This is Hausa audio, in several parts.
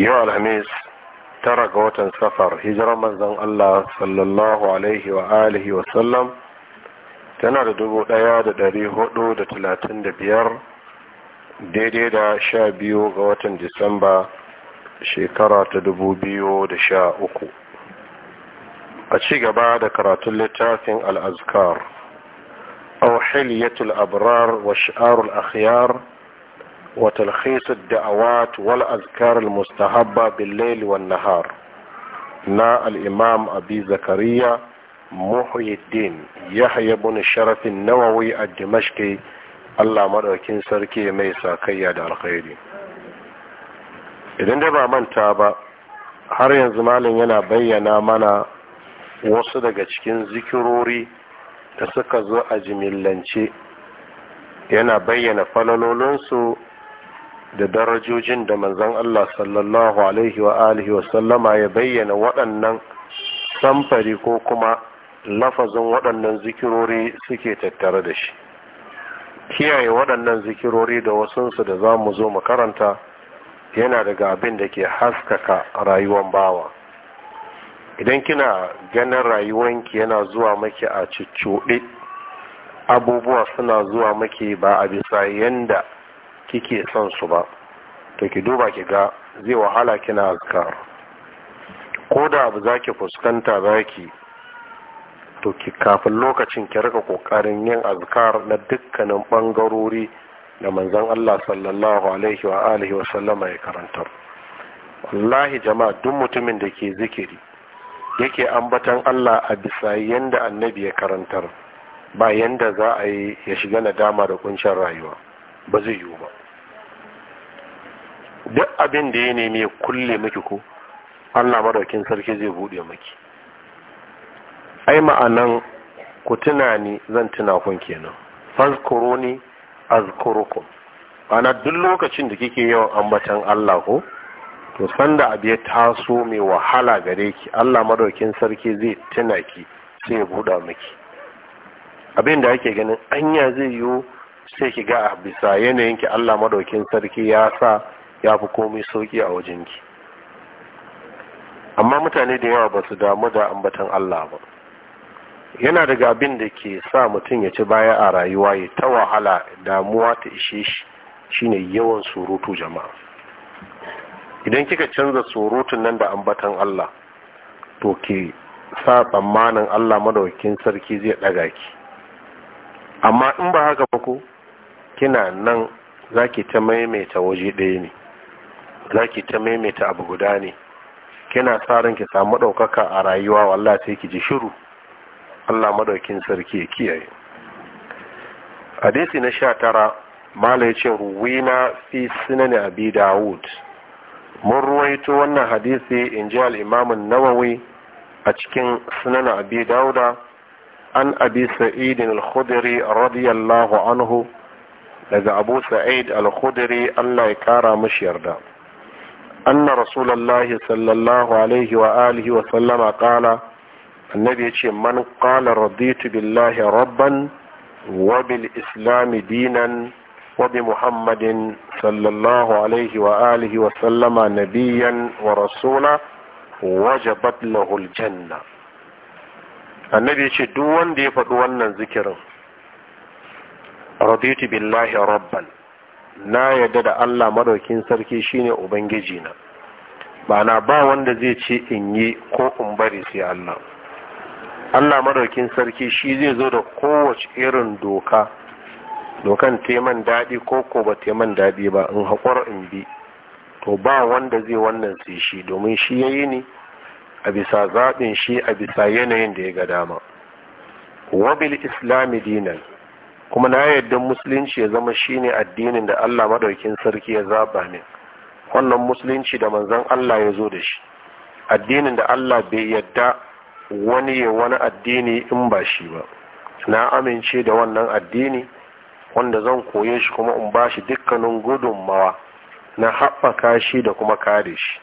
yau alhamis tara ga watan safar hijirar manzon Allah sallallahu alaihi wa alihi wa sallam tana da dubu daya da dari hudu da talatin da biyar daidai da sha biyu ga watan disamba shekara ta dubu biyu da sha uku a ci gaba da karatun littafin azkar auhiliyatul abrar wa sha'arul akhyar وتلخيص الدعوات والأذكار المستحبة بالليل والنهار نا الإمام أبي زكريا محي الدين يحيى بن الشرف النووي الدمشقي Allah maɗaukin sarki mai sakayya da alkhairi idan da ba manta ba har yanzu malin yana bayyana mana wasu daga cikin zikirori da suka zo a jimillance yana bayyana falalolinsu da darajojin da manzon Allah sallallahu alaihi wa alihi wa ya bayyana waɗannan samfari ko kuma lafazin waɗannan zikirori suke tattare da shi kiyaye waɗannan zikirori da wasunsu da za mu zo makaranta, yana daga abin da ke haskaka rayuwan bawa idan kina ganin rayuwanki yana zuwa maki a cuccuɗe abubuwa suna zuwa maki ba a bisa yanda kike son su ba to ki duba ki ga zai wahala kina azkar ko da abu zaki fuskanta zaki to ki kafin lokacin ki rika kokarin yin azkar na dukkanin bangarori da manzon Allah sallallahu alaihi wa alihi wa sallama ya karanta wallahi jama'a duk mutumin da ke zikiri yake ambatan Allah a bisa yanda annabi ya karantar ba yanda za a yi ya shiga nadama da kuncin rayuwa ba zai yiwu ba duk abin da ya nemi ya kulle maki ko Allah madaukin sarki zai bude maki. ai ma'anan ku tuna ni zan tuna kun kenan fazkuruni azkurukum ana duk lokacin da kike yawan ambatan Allah ko to sanda abu taso mai wahala gare ki Allah madaukin sarki zai tuna ki sai ya maki. miki abin da ake ganin anya zai yiwu sai ki ga a bisa yanayin ki Allah madaukin sarki ya sa ya fi komai sauki a wajenki amma mutane da yawa ba su damu da ambatan Allah ba yana daga abin da ke sa mutum ya ci baya a rayuwa ya ta wahala damuwa ta ishe shi shine yawan surutu jama'a idan kika canza surutun nan da ambatan Allah to ke sa tsammanin Allah madawakin sarki zai ɗaga ki amma in ba haka ba ko kina nan zaki ta maimaita waje ɗaya ne zaki ki ta maimaita abu guda ne kina sa ran ki samu daukaka a rayuwa wallah sai ki ji shiru Allah madaukin sarki ya kiyaye hadisi na sha tara mala ya ce ruwina fi sunan abi dawud mun ruwaito wannan hadisi in ji al'imamun nawawi a cikin sunan abi dawuda an abi sa'id al-khudri radiyallahu anhu daga abu sa'id al-khudri Allah ya kara mashi yarda anna rasulullahi sallallahu alaihi wa alihi wa sallama qala annabi ya ce man qala raditu billahi rabban wa islami dinan wa muhammadin sallallahu alaihi wa alihi wa sallama nabiyan wa rasula wajabat lahu annabi ce duk wanda ya faɗi wannan zikirin raditu billahi rabban na yarda da Allah madaukin sarki shine ubangiji na ba na ba wanda zai ce in yi ko in bari sai Allah Allah madaukin sarki shi zai zo da kowace irin doka dokan teman daɗi ko ko ba teman daɗi ba in haƙura in bi to ba wanda zai wannan sai shi domin shi ya yi ne a bisa zaɓin shi a bisa yanayin da ya ga dama wabil islami dinan kuma na yadda musulunci ya zama shine addinin da Allah madaukin sarki ya zaba min wannan musulunci da manzon Allah ya zo da shi addinin da Allah bai yadda wani ya wani addini in ba shi ba na amince da wannan addini wanda zan koye shi kuma in ba shi dukkanin gudunmawa na haɓaka shi da kuma kare shi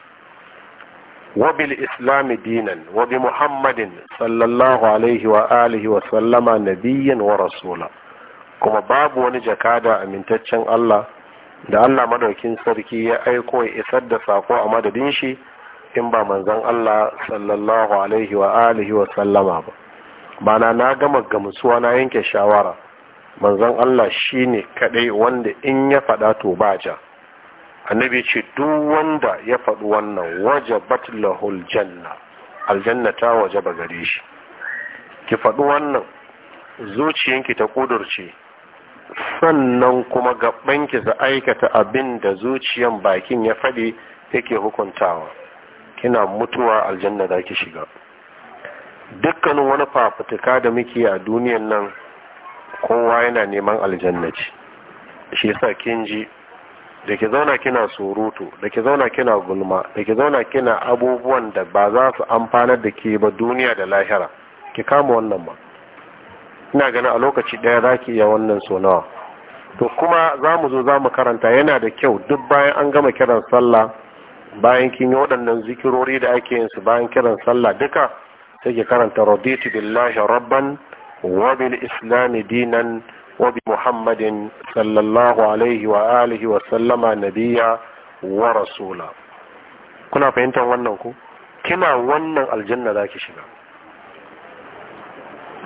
wabil islami dinan wabi muhammadin sallallahu alaihi wa alihi wa sallama wa rasula kuma babu wani jakada amintaccen Allah da Allah madaukin sarki ya aiko ya isar da sako a madadin shi in ba manzon Allah sallallahu alaihi wa alihi wa sallama ba bana na gama gamsuwa na yanke shawara manzon Allah shine kadai wanda in ya faɗa to ba ja annabi ce duk wanda ya faɗi wannan wajabat lahul janna aljanna ta wajaba gare shi ki faɗi wannan zuciyanki ta ƙudurce sannan kuma gabanki su aikata abin da zuciyan bakin ya faɗi yake hukuntawa kina mutuwa aljanna za ki shiga dukkanin wani fafutuka da muke a duniyan nan kowa yana neman aljanna ce shi yasa kin ji da ke zauna kina surutu da ke zauna kina gulma da ke zauna kina abubuwan da ba za su amfanar da ke ba duniya da lahira ki kama wannan ba ina ganin a lokaci ɗaya za ki iya wannan sonawa. to kuma za mu zo za mu karanta yana da kyau duk bayan an gama kiran sallah bayan kin yi waɗannan zikirori da ake yin su bayan kiran sallah duka sai ki karanta raditu billahi rabban wa bil islam dinan wa bi muhammadin sallallahu alaihi wa alihi wa sallama nabiya wa rasula kuna fahimtar wannan ku kina wannan aljanna zaki shiga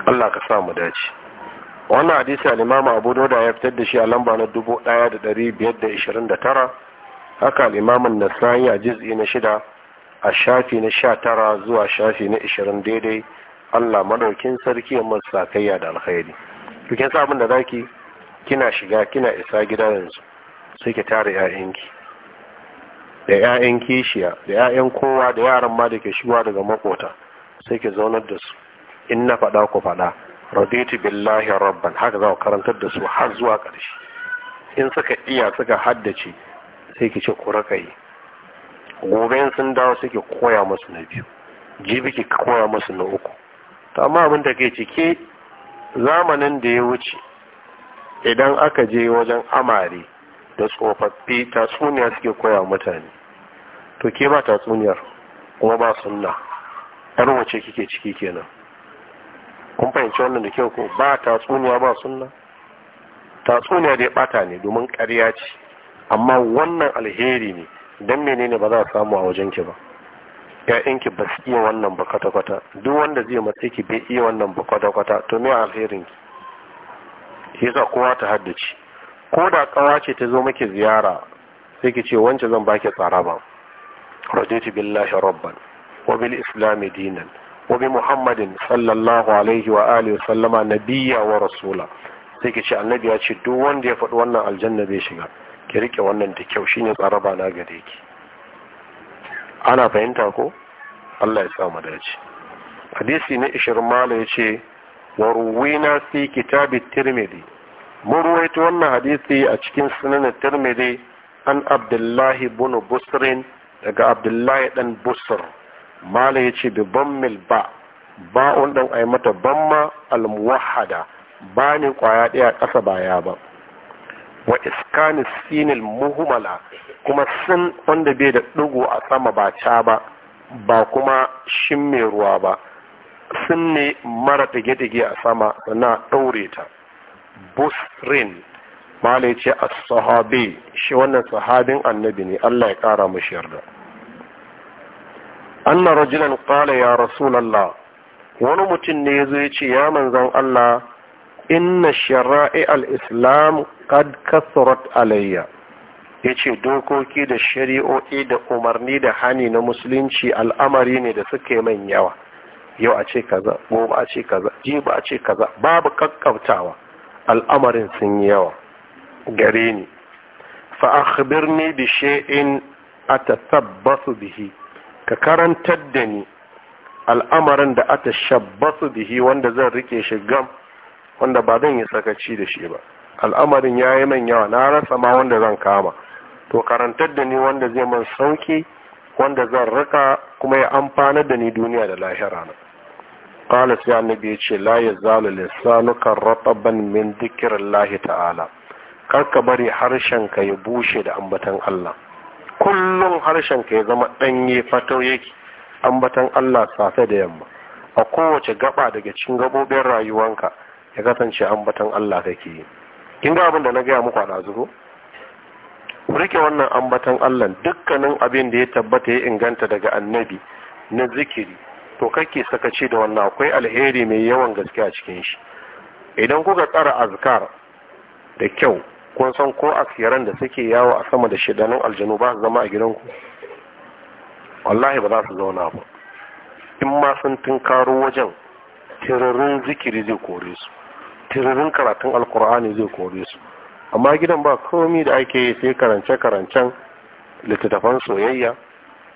Allah ka sa mu dace wannan hadisi al-Imam Abu Dawud ya fitar da shi a lamba na 1529 haka al-Imam An-Nasa'i a juz'i na shida a shafi na 19 zuwa shafi na 20 daidai Allah madaukin sarki ya masa sakayya da alkhairi to kin sa abin da zaki kina shiga kina isa gida yanzu sai ki tare 'ya'yanki da ƴaƴan kishiya da ƴaƴan kowa da yaran ma da ke shigowa daga makota sai ki zaunar da su in na faɗa ku faɗa raditu billahi rabban haka za ku karantar da su har zuwa ƙarshe in suka iya suka haddace sai ki ce ku raka yi gobe sun dawo suke koya musu na biyu jibi ki koya musu na uku to amma abin da ke cike zamanin da ya wuce idan aka je wajen amare da tsofaffi tatsuniya suke koya mutane to ke ba tatsuniyar kuma ba sunna yar wace kike ciki kenan kun fahimci wannan da kyau ko ba tatsuniya ba sunna tatsuniya dai bata ne domin ƙarya ce amma wannan alheri ne dan menene ba za a samu a wajen ki ba ƴaƴanki ba su iya wannan ba kwata kwata duk wanda zai matse ki bai iya wannan ba kwata kwata to me alherin ki yasa kowa ta haddace ko da ƙawa ce ta zo miki ziyara sai ki ce wance zan baki tsara ba raditu billahi rabban wa bil islami dinan وبمحمد صلى الله عليه وآله وسلم نبيا ورسولا sai ki ce annabi ya ce duk wanda ya faɗi wannan aljanna zai shiga ki rike wannan da kyau shine tsaraba na gare ki ana fahimta ko Allah ya sa mu dace hadisi na Ishirin mala yace wa ruwina fi kitab at-tirmidhi mun ruwaito wannan hadisi a cikin sunan at-tirmidhi an abdullahi ibn Busrin daga abdullahi dan busr mala ya ce bi bammil ba ba'un dan ai mata bamma almuwahada ba ne kwaya ɗaya ƙasa baya ba wa iskani sinil muhumala kuma sin wanda bai da ɗigo a sama ba ca ba ba kuma shin mai ruwa ba sun ne mara tage-tage a sama na ɗaure ta busrin mala ya ce a sahabi shi wannan sahabin annabi ne allah ya ƙara mashi yarda anna rajulan qala ya rasulallah wani mutum ne ya zo ya ce ya manzan Allah inna shara'i al-islam kad kasarat alayya ya ce dokoki da shari'o'i da umarni da hani na musulunci al'amari ne da suke man yawa yau a ce kaza gobe a ce kaza ba a ce kaza babu kakkautawa al'amarin sun yi yawa gare ni fa akhbirni bi shay'in atasabbasu bihi ka karantar da ni al'amarin da ata shabbasu bihi wanda zan rike shi gam wanda ba zan yi sakaci da shi ba al'amarin ya yi man yawa na rasa ma wanda zan kama to karantar da ni wanda zai man sauki wanda zan rika kuma ya amfanar da ni duniya da lahira na qala sai annabi ya ce la yazalu lisanuka rataban min dhikrillahi ta'ala kar ka bari harshen ka ya bushe da ambatan Allah kullum harshen ka ya zama ɗanye fatau yake ambatan Allah safe da yamma a kowace gaba daga cikin gabobin rayuwanka ya kasance ambatan Allah kake yi kin ga abin da na gaya muku a Ku rike wannan ambatan Allah dukkanin abin da ya tabbata ya inganta daga annabi na zikiri to kake sakaci da wannan akwai alheri mai yawan gaske a cikin shi idan kuka tsara azkar da kyau kun san ko asiran da suke yawo a sama da shidanin aljanu ba zama a gidanku wallahi ba za su zauna ba in ma sun tunkaro wajen tiririn zikiri zai kore su tiririn karatun alkur'ani zai kore su amma gidan ba komi da ake yi sai karance-karancen littattafan soyayya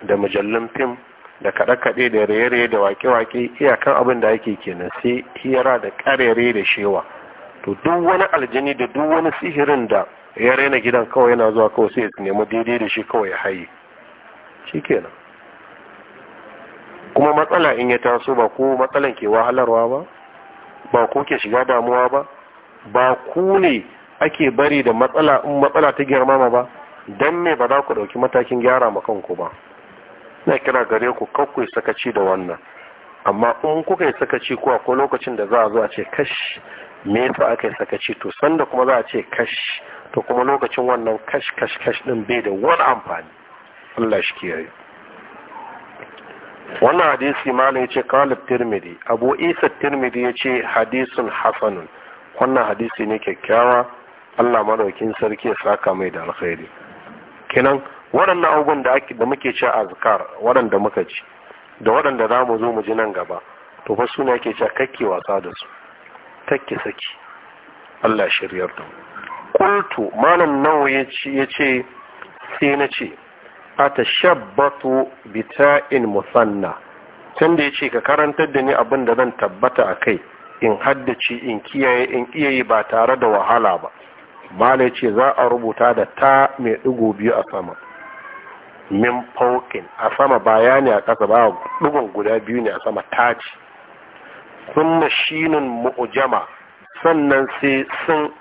da mujallin fim da kaɗe-kaɗe da raye-raye da wake-wake iyakan abin da ake kenan sai hira da ƙarere da shewa to duk wani aljani da duk wani sihirin da ya raina gidan kawai yana zuwa kawai sai ya nemi daidai da shi kawai ya haye shi kenan kuma matsala in ya taso ba ko matsalan ke wahalarwa ba ba ko ke shiga damuwa ba ba ku ne ake bari da matsala in matsala ta girmama ba don me ba za ku ɗauki matakin gyara ma kanku ba na kira gare ku kakku sakaci da wannan amma in kuka yi sakaci ko lokacin da za a zo a ce kashi me yasa aka yi sakaci to sanda kuma za a ce kash to kuma lokacin wannan kash kash kash din bai da wani amfani Allah shi kiyaye wannan hadisi malam yace qalib tirmidhi abu isa tirmidhi yace hadisun hasanun wannan hadisi ne kyakkyawa Allah madaukin sarki ya saka mai da alkhairi kenan waɗannan abubuwan da ake da muke ci azkar waɗanda muka ci da waɗanda za mu zo mu ji nan gaba to fa suna yake cewa kakke wasa da su take saki Allah shiryar da kultu malam nawa ya ce sai na ce a tashabbatu bita'in musanna tun da ya ce ka karantar da ni abin da zan tabbata a kai in haddace in kiyaye in iya yi ba tare da wahala ba malai ce za a rubuta da ta mai ɗigo biyu a sama min faukin a sama bayani a ƙasa ba digon guda biyu ne a sama ta ce Sunna shinin mu'jama sannan sai sun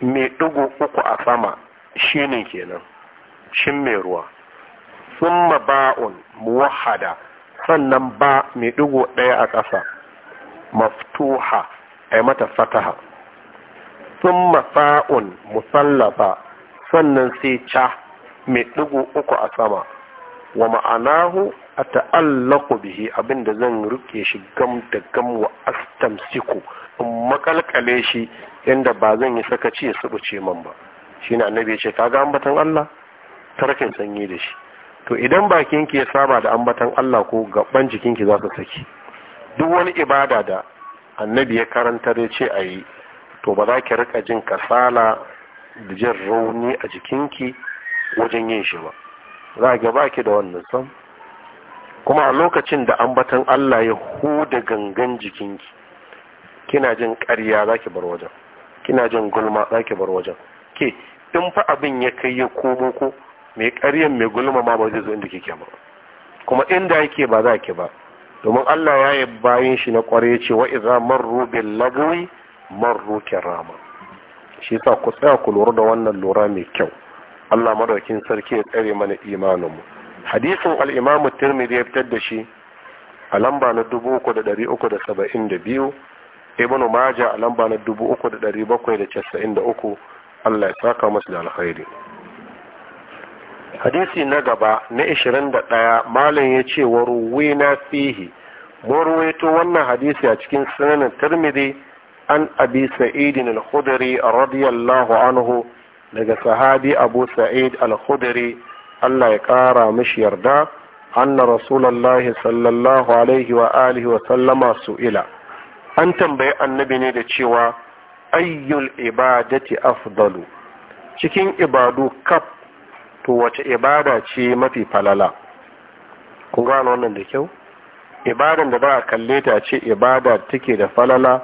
mai ɗigo uku a sama shinin kenan shin mai ruwa summa ba'un muwahada sannan ba mai ɗigo ɗaya a ƙasa maftuha ai mata fataha summa fa'un musallafa sannan sai ca mai ɗigo uku a sama wa ma'anahu a ta'allaku bihi abinda zan rike shi gam da gam wa astamsiku in makalkale shi inda ba zan yi sakaci ya subuce man ba shine annabi ya ce ga ambatan Allah tarkin sanyi da shi to idan bakin ki ya saba da ambatan Allah ko gaban jikin ki za su saki duk wani ibada da annabi ya karantar ya ce ayi to ba za ki rika jin kasala da jin rauni a jikinki wajen yin shi ba za ga baki da wannan sam kuma a lokacin da an ambatan Allah ya huda gangan jikinki kina jin ƙarya zaki bar wajen kina jin gulma zaki bar wajen ke in fa abin ya kai ya komo ko mai ƙaryan mai gulma ma ba zai zo inda kike ba kuma inda yake ba za ki ba domin Allah ya yi bayan shi na ƙware ce wa idza marru bil lagwi marru kirama shi yasa ku tsaya ku lura da wannan lura mai kyau Allah madaukin sarki ya tsare mana imanin mu hadisin al'imamu tirmidhi ya fitar da shi a lamba na 3,372 ibn maja a lamba na 3,793 allah ya saka masu da alkhairi hadisi na gaba na 21 malam ya ce wa ruwina fihi ruwaito wannan hadisi a cikin sunanin tirmidhi an abi sa'idin al-khudri radiyallahu anhu daga sahabi abu sa'id al-khudri Allah ya ƙara mishi yarda anna rasulallahi sallallahu alaihi wa alihi wa sallama su'ila an tambayi annabi ne da cewa ayyul ibadati afdalu cikin ibadu kaf to wace ibada ce mafi falala kun gano wannan da kyau ibadan da ba a kalle ta ce ibada take da falala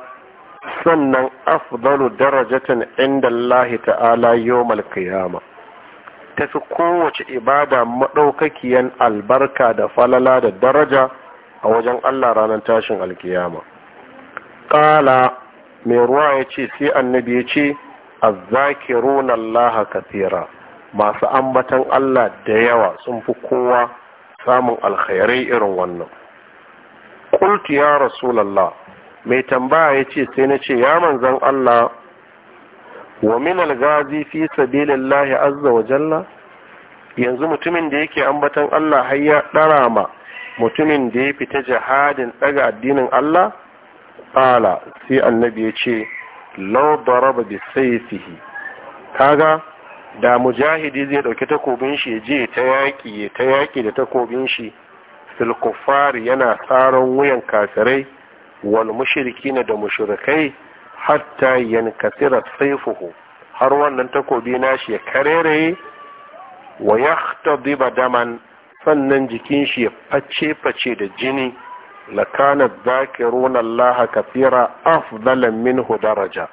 sannan afdalu darajatan inda Allah ta'ala yawmal qiyamah ta fi kowace ibada maɗaukakiyan albarka da falala da daraja a wajen Allah ranar tashin alkiyama ƙala mai ruwa ya ce sai annabi ya ce azzakirun Allah tsira, masu ambatan Allah da yawa sun fi kowa samun alkhairai irin wannan qultu ya rasulallah mai tambaya ya ce sai na ce ya manzan Allah wa min al-ghazi fi sabilillahi azza wa jalla yanzu mutumin da yake ambatan Allah har ya dara ma mutumin da ya fita jihadin daga addinin Allah ala sai annabi ya ce law daraba bi sayfihi kaga da mujahidi zai dauki takobin shi je ta yaki ta yaki da takobin shi fil kuffar yana tsaron wuyan kafirai wal mushrikin da mushrikai hatta yankasira saifuhu har wannan takobi nashi ya kareraye wa yahtadiba daman sannan jikin shi ya face face da jini lakana zakiruna Allah kafira afdala minhu daraja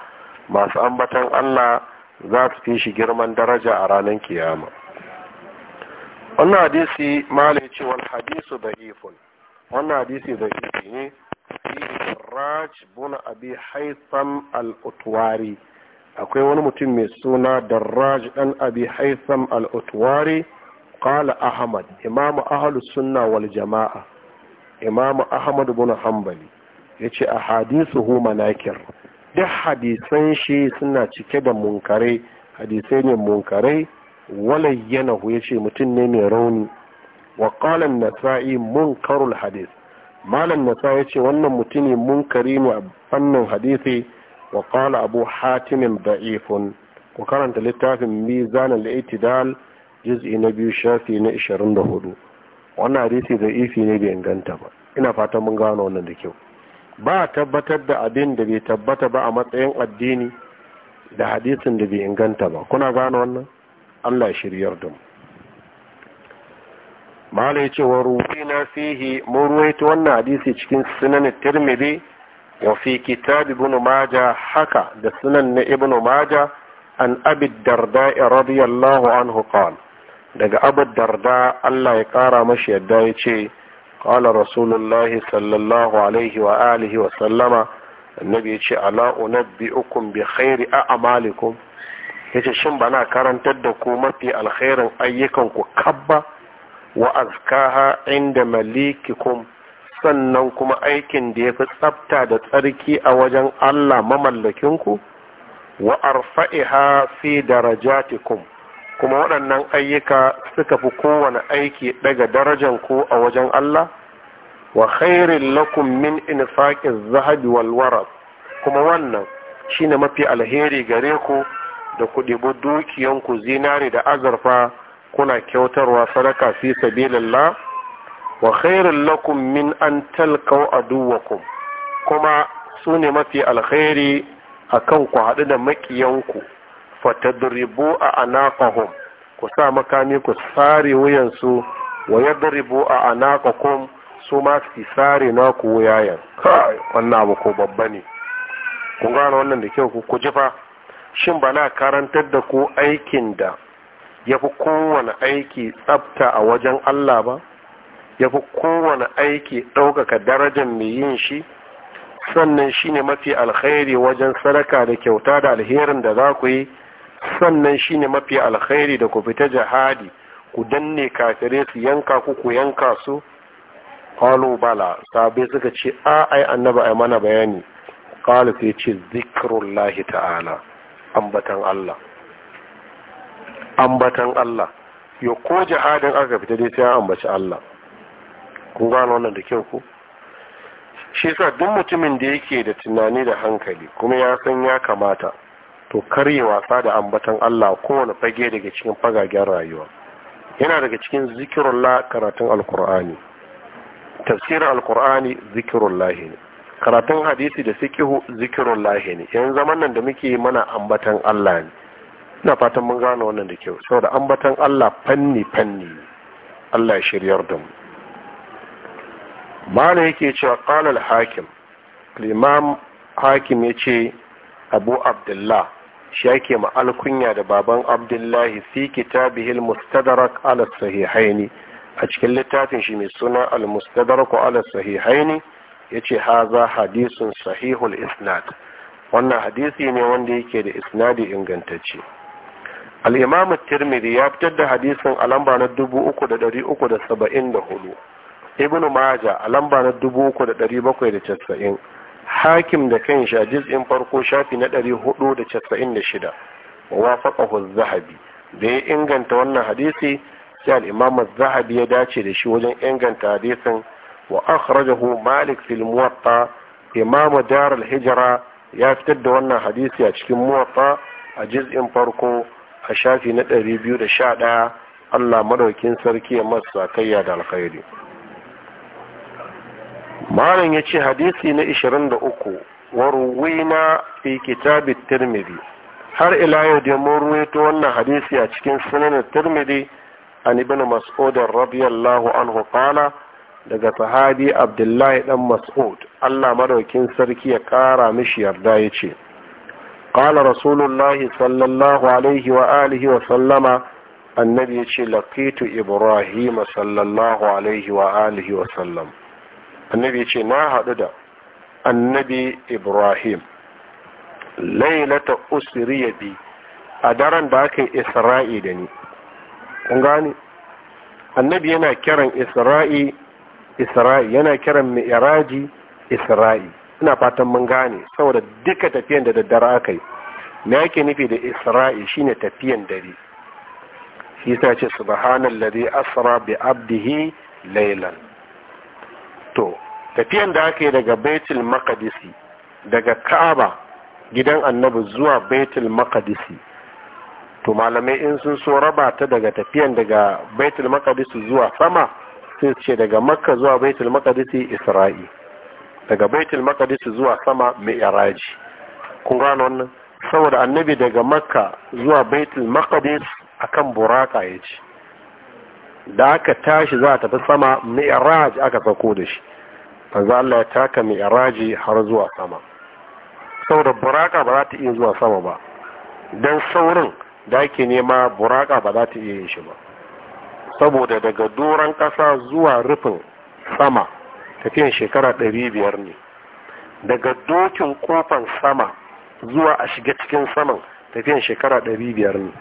masu ambatan Allah za su fi shi girman daraja a ranar kiyama wannan hadisi malai ce wal hadisu da'ifun wannan hadisi da'ifi ne fihi Raj bin Abi Haitham al-Utwari akwai wani mutum mai suna Darraj ɗan Abi Haitham al-Utwari qala Ahmad imam ahlus sunna wal jama'a imam Ahmad bin Hanbali yace ahadithuhu manakir duk hadisan shi suna cike da munkare hadisai ne munkarai walayyanahu yace mutum ne mai rauni wa qala an-nasa'i munkarul hadith malam nasa ya ce wannan mutumi kari mu a fannin hadisi wa qala abu hatimin da'ifun ku karanta littafin mizan al-itidal juz'i na biyu shafi na 24 wannan hadisi ifi ne bai inganta ba ina fatan mun gano wannan da kyau ba a tabbatar da abin da bai tabbata ba a matsayin addini da hadisin da bai inganta ba kuna gano wannan Allah shiryar da mu mala ya ce na ruwina fihi mun ruwaito wannan hadisi cikin sunan tirmidhi wa fi kitab ibn majah haka da sunan na ibn majah an abi darda radiyallahu anhu qala daga abu darda Allah ya kara mashi yadda ya ce qala rasulullahi sallallahu alaihi wa alihi wa sallama annabi ya ce ala unabbi'ukum bi khairi a'malikum yace shin bana karantar da ku mafi alkhairin ayyukan ku kabba wa azkaha inda malikikum sannan kuma aikin da ya fi tsabta da tsarki a wajen Allah mamallakinku wa arfa'iha fi darajatikum kuma waɗannan ayyuka suka fi kowane aiki daga darajan ku a wajen Allah wa khairin lakum min infaqiz zahabi wal kuma wannan shine mafi alheri gare ku da ku ɗibi dukiyanku zinari da azurfa kuna kyautarwa sadaka fi sabilillah wa khairul lakum min an talqaw aduwakum kuma sune mafi alkhairi akan ku hadu da makiyanku fatadribu a anaqahum ku sa makami ku sare wuyansu wa yadribu a anaqakum su ma su sare na ku wuyayen wannan abu ko babba ne kun gane wannan da kyau ku jifa shin bana karantar da ku aikin da ya fi kowane aiki tsabta a wajen Allah ba ya fi kowane aiki ɗaukaka darajar mai yin shi sannan shi ne mafi alkhairi wajen sadaka da kyauta da alherin da za ku yi sannan shi ne mafi alkhairi da ku fita jihadi ku danne kafirai su yanka ku ku yanka su kwalo bala sabai suka ce a ai annaba ai mana bayani kwalo sai ce zikrullahi ta'ala ambatan Allah ambatan Allah ya ko jihadin aka fita dai sai ambaci Allah kun gano wannan da kyau ku? shi yasa duk mutumin da yake da tunani da hankali kuma ya san ya kamata to karye wasa da ambatan Allah kowane fage daga cikin fagagen rayuwa yana daga cikin zikirullah karatun alkur'ani tafsirin alkur'ani zikirullah ne karatun hadisi da Sikihu, zikirullah ne yanzu zaman nan da muke mana ambatan Allah ne ina fatan mun gane wannan da kyau saboda ambatan Allah fanni fanni Allah ya shiryar da mu mana yake cewa qala al-hakim al-imam hakim yace abu abdullah shi yake ma alkunya da baban abdullahi fi kitabihi al-mustadrak ala sahihaini a cikin littafin shi mai suna al-mustadrak ala sahihaini yace haza hadisun sahihul isnad wannan hadisi ne wanda yake da isnadi ingantacce al'imamu tirmidhi ya fitar da hadisin a lamba na 3,374 ibn maja a lamba na 3,790 hakim da kan sha jiz'in farko shafi na da wa faƙahu zahabi da ya inganta wannan hadisi sai al'imam zahabi ya dace da shi wajen inganta hadisin wa akhrajahu malik fil muwatta imam dar al ya fitar da wannan hadisi a cikin muwatta a jiz'in farko a shafi na ɗari biyu da sha ɗaya allah maɗaukin sarki ya masa kayya da alkhairi malam ya ce hadisi na ishirin da uku na fi kitabi tirmidhi har ila yau da mun ruwaito wannan hadisi a cikin sunan tirmidhi an ibn mas'ud radiyallahu anhu qala daga sahabi abdullahi dan mas'ud Allah maɗaukin sarki ya ƙara mishi yarda ce. قال رسول الله صلى الله عليه وآله وسلم النبي يقول لقيت إبراهيم صلى الله عليه وآله وسلم النبي يقول ما هذا النبي إبراهيم ليلة أسري بي أدران داك إسرائي دني ungani annabi yana kiran isra'i isra'i yana kiran mi'raji isra'i ina fatan mun gane saboda duka tafiyan da daddare aka yi me yake nufi da isra'i shine tafiyan dare shi ta ce subhanallazi asra bi abdihi laylan to tafiyan da aka yi daga baitul maqdisi daga ka'aba gidan annabi zuwa baitul maqdisi to malamai in sun so raba ta daga tafiyan daga baitul makadisi zuwa sama sai ce daga makka zuwa baitul makadisi isra'i daga baitul maqdis zuwa sama mi'raji kun gano wannan saboda annabi daga makka zuwa baitul maqdis akan buraka ya da aka tashi za a tafi sama mi'raj aka sauko da shi manzo Allah ya taka mi'raji har zuwa sama saboda buraka ba za ta iya zuwa sama ba dan saurin da ake nema buraka ba za ta iya yin shi ba saboda daga doron kasa zuwa rufin sama tafiyan shekara ɗari biyar ne daga dokin kofan sama zuwa a shiga cikin saman tafiyan shekara ɗari biyar ne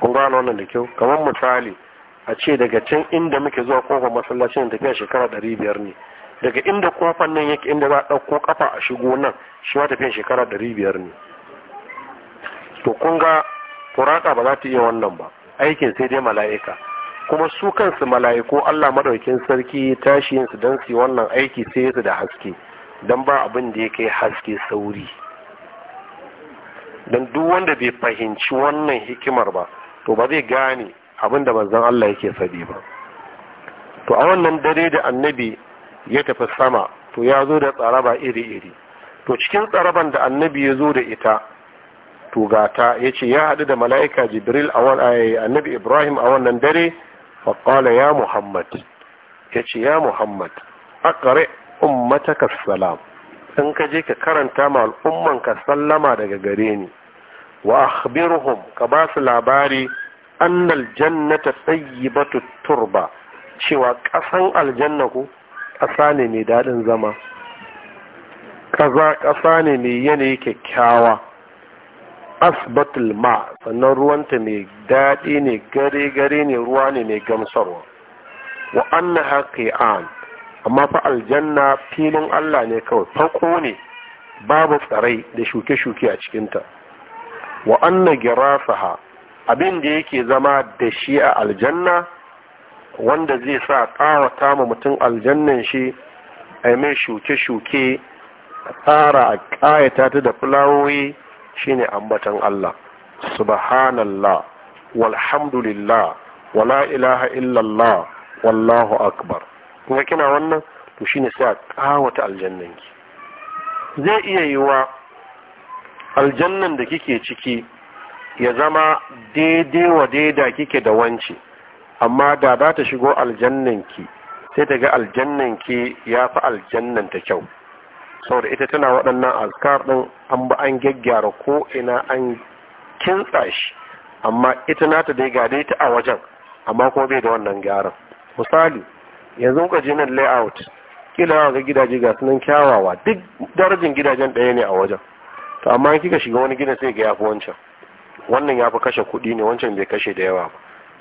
kun gano wannan da kyau kamar misali a ce daga can inda muke zuwa kofar masallacin tafiyan shekara ɗari biyar ne daga inda kofan nan yake inda za a ɗauko kafa a shigo nan shi ma tafiyan shekara ɗari biyar ne to kun ga turaka ba za ta iya wannan ba aikin sai dai mala'ika kuma su kansu mala'iku Allah madaukin sarki tashi su don su wannan aiki sai su da haske don ba abin da ya kai haske sauri don duk wanda bai fahimci wannan hikimar ba to ba zai gane abin da manzon Allah yake faɗi ba to a wannan dare da annabi ya tafi sama to ya zo da tsaraba iri-iri to cikin tsaraban da annabi ya zo da ita to gata ya ce ya haɗu da mala'ika jibril a annabi ibrahim a wannan dare faƙala ya muhammad ya ce ya muhammad akare ummataka salam in ka je ka karanta ma al'umman ka sallama daga gare ni wa akhbirhum ka basu su labari annal jannata tayyibatu turba cewa ƙasan aljanna ko ƙasa ne mai daɗin zama kaza ƙasa ne mai yanayi kyakkyawa asbatul ma sannan ruwanta mai daɗi ne gare gare ne ruwa ne mai gamsarwa wa anna haqi'an amma fa aljanna filin Allah ne kawai fako ne babu tsarai da shuke-shuke a cikinta wa anna girafaha abin da yake zama da shi a aljanna wanda zai sa ƙawata ma mutum aljannan shi a mai shuke-shuke a tsara a ƙayata ta da fulawoyi shine ambatan Allah subhanallah walhamdulillah wala ilaha illallah wallahu akbar kuma kina wannan to shine sai a kawata ki. zai iya yiwa aljannan da kike ciki ya zama daidai wa daida kike da wance amma da za ta shigo aljannan ki, sai ta ga aljannan ki ya fi ta kyau saboda ita tana waɗannan alkar ɗin an ba an gyaggyara ko ina an kintsa shi amma ita nata dai ga dai ta a wajen amma kuma bai da wannan gyaran misali yanzu ka je nan layout kila ga gidaje ga sunan kyawawa duk darajin gidajen ɗaya ne a wajen to amma kika shiga wani gida sai ga yafi wancan wannan ya fi kashe kuɗi ne wancan bai kashe da yawa ba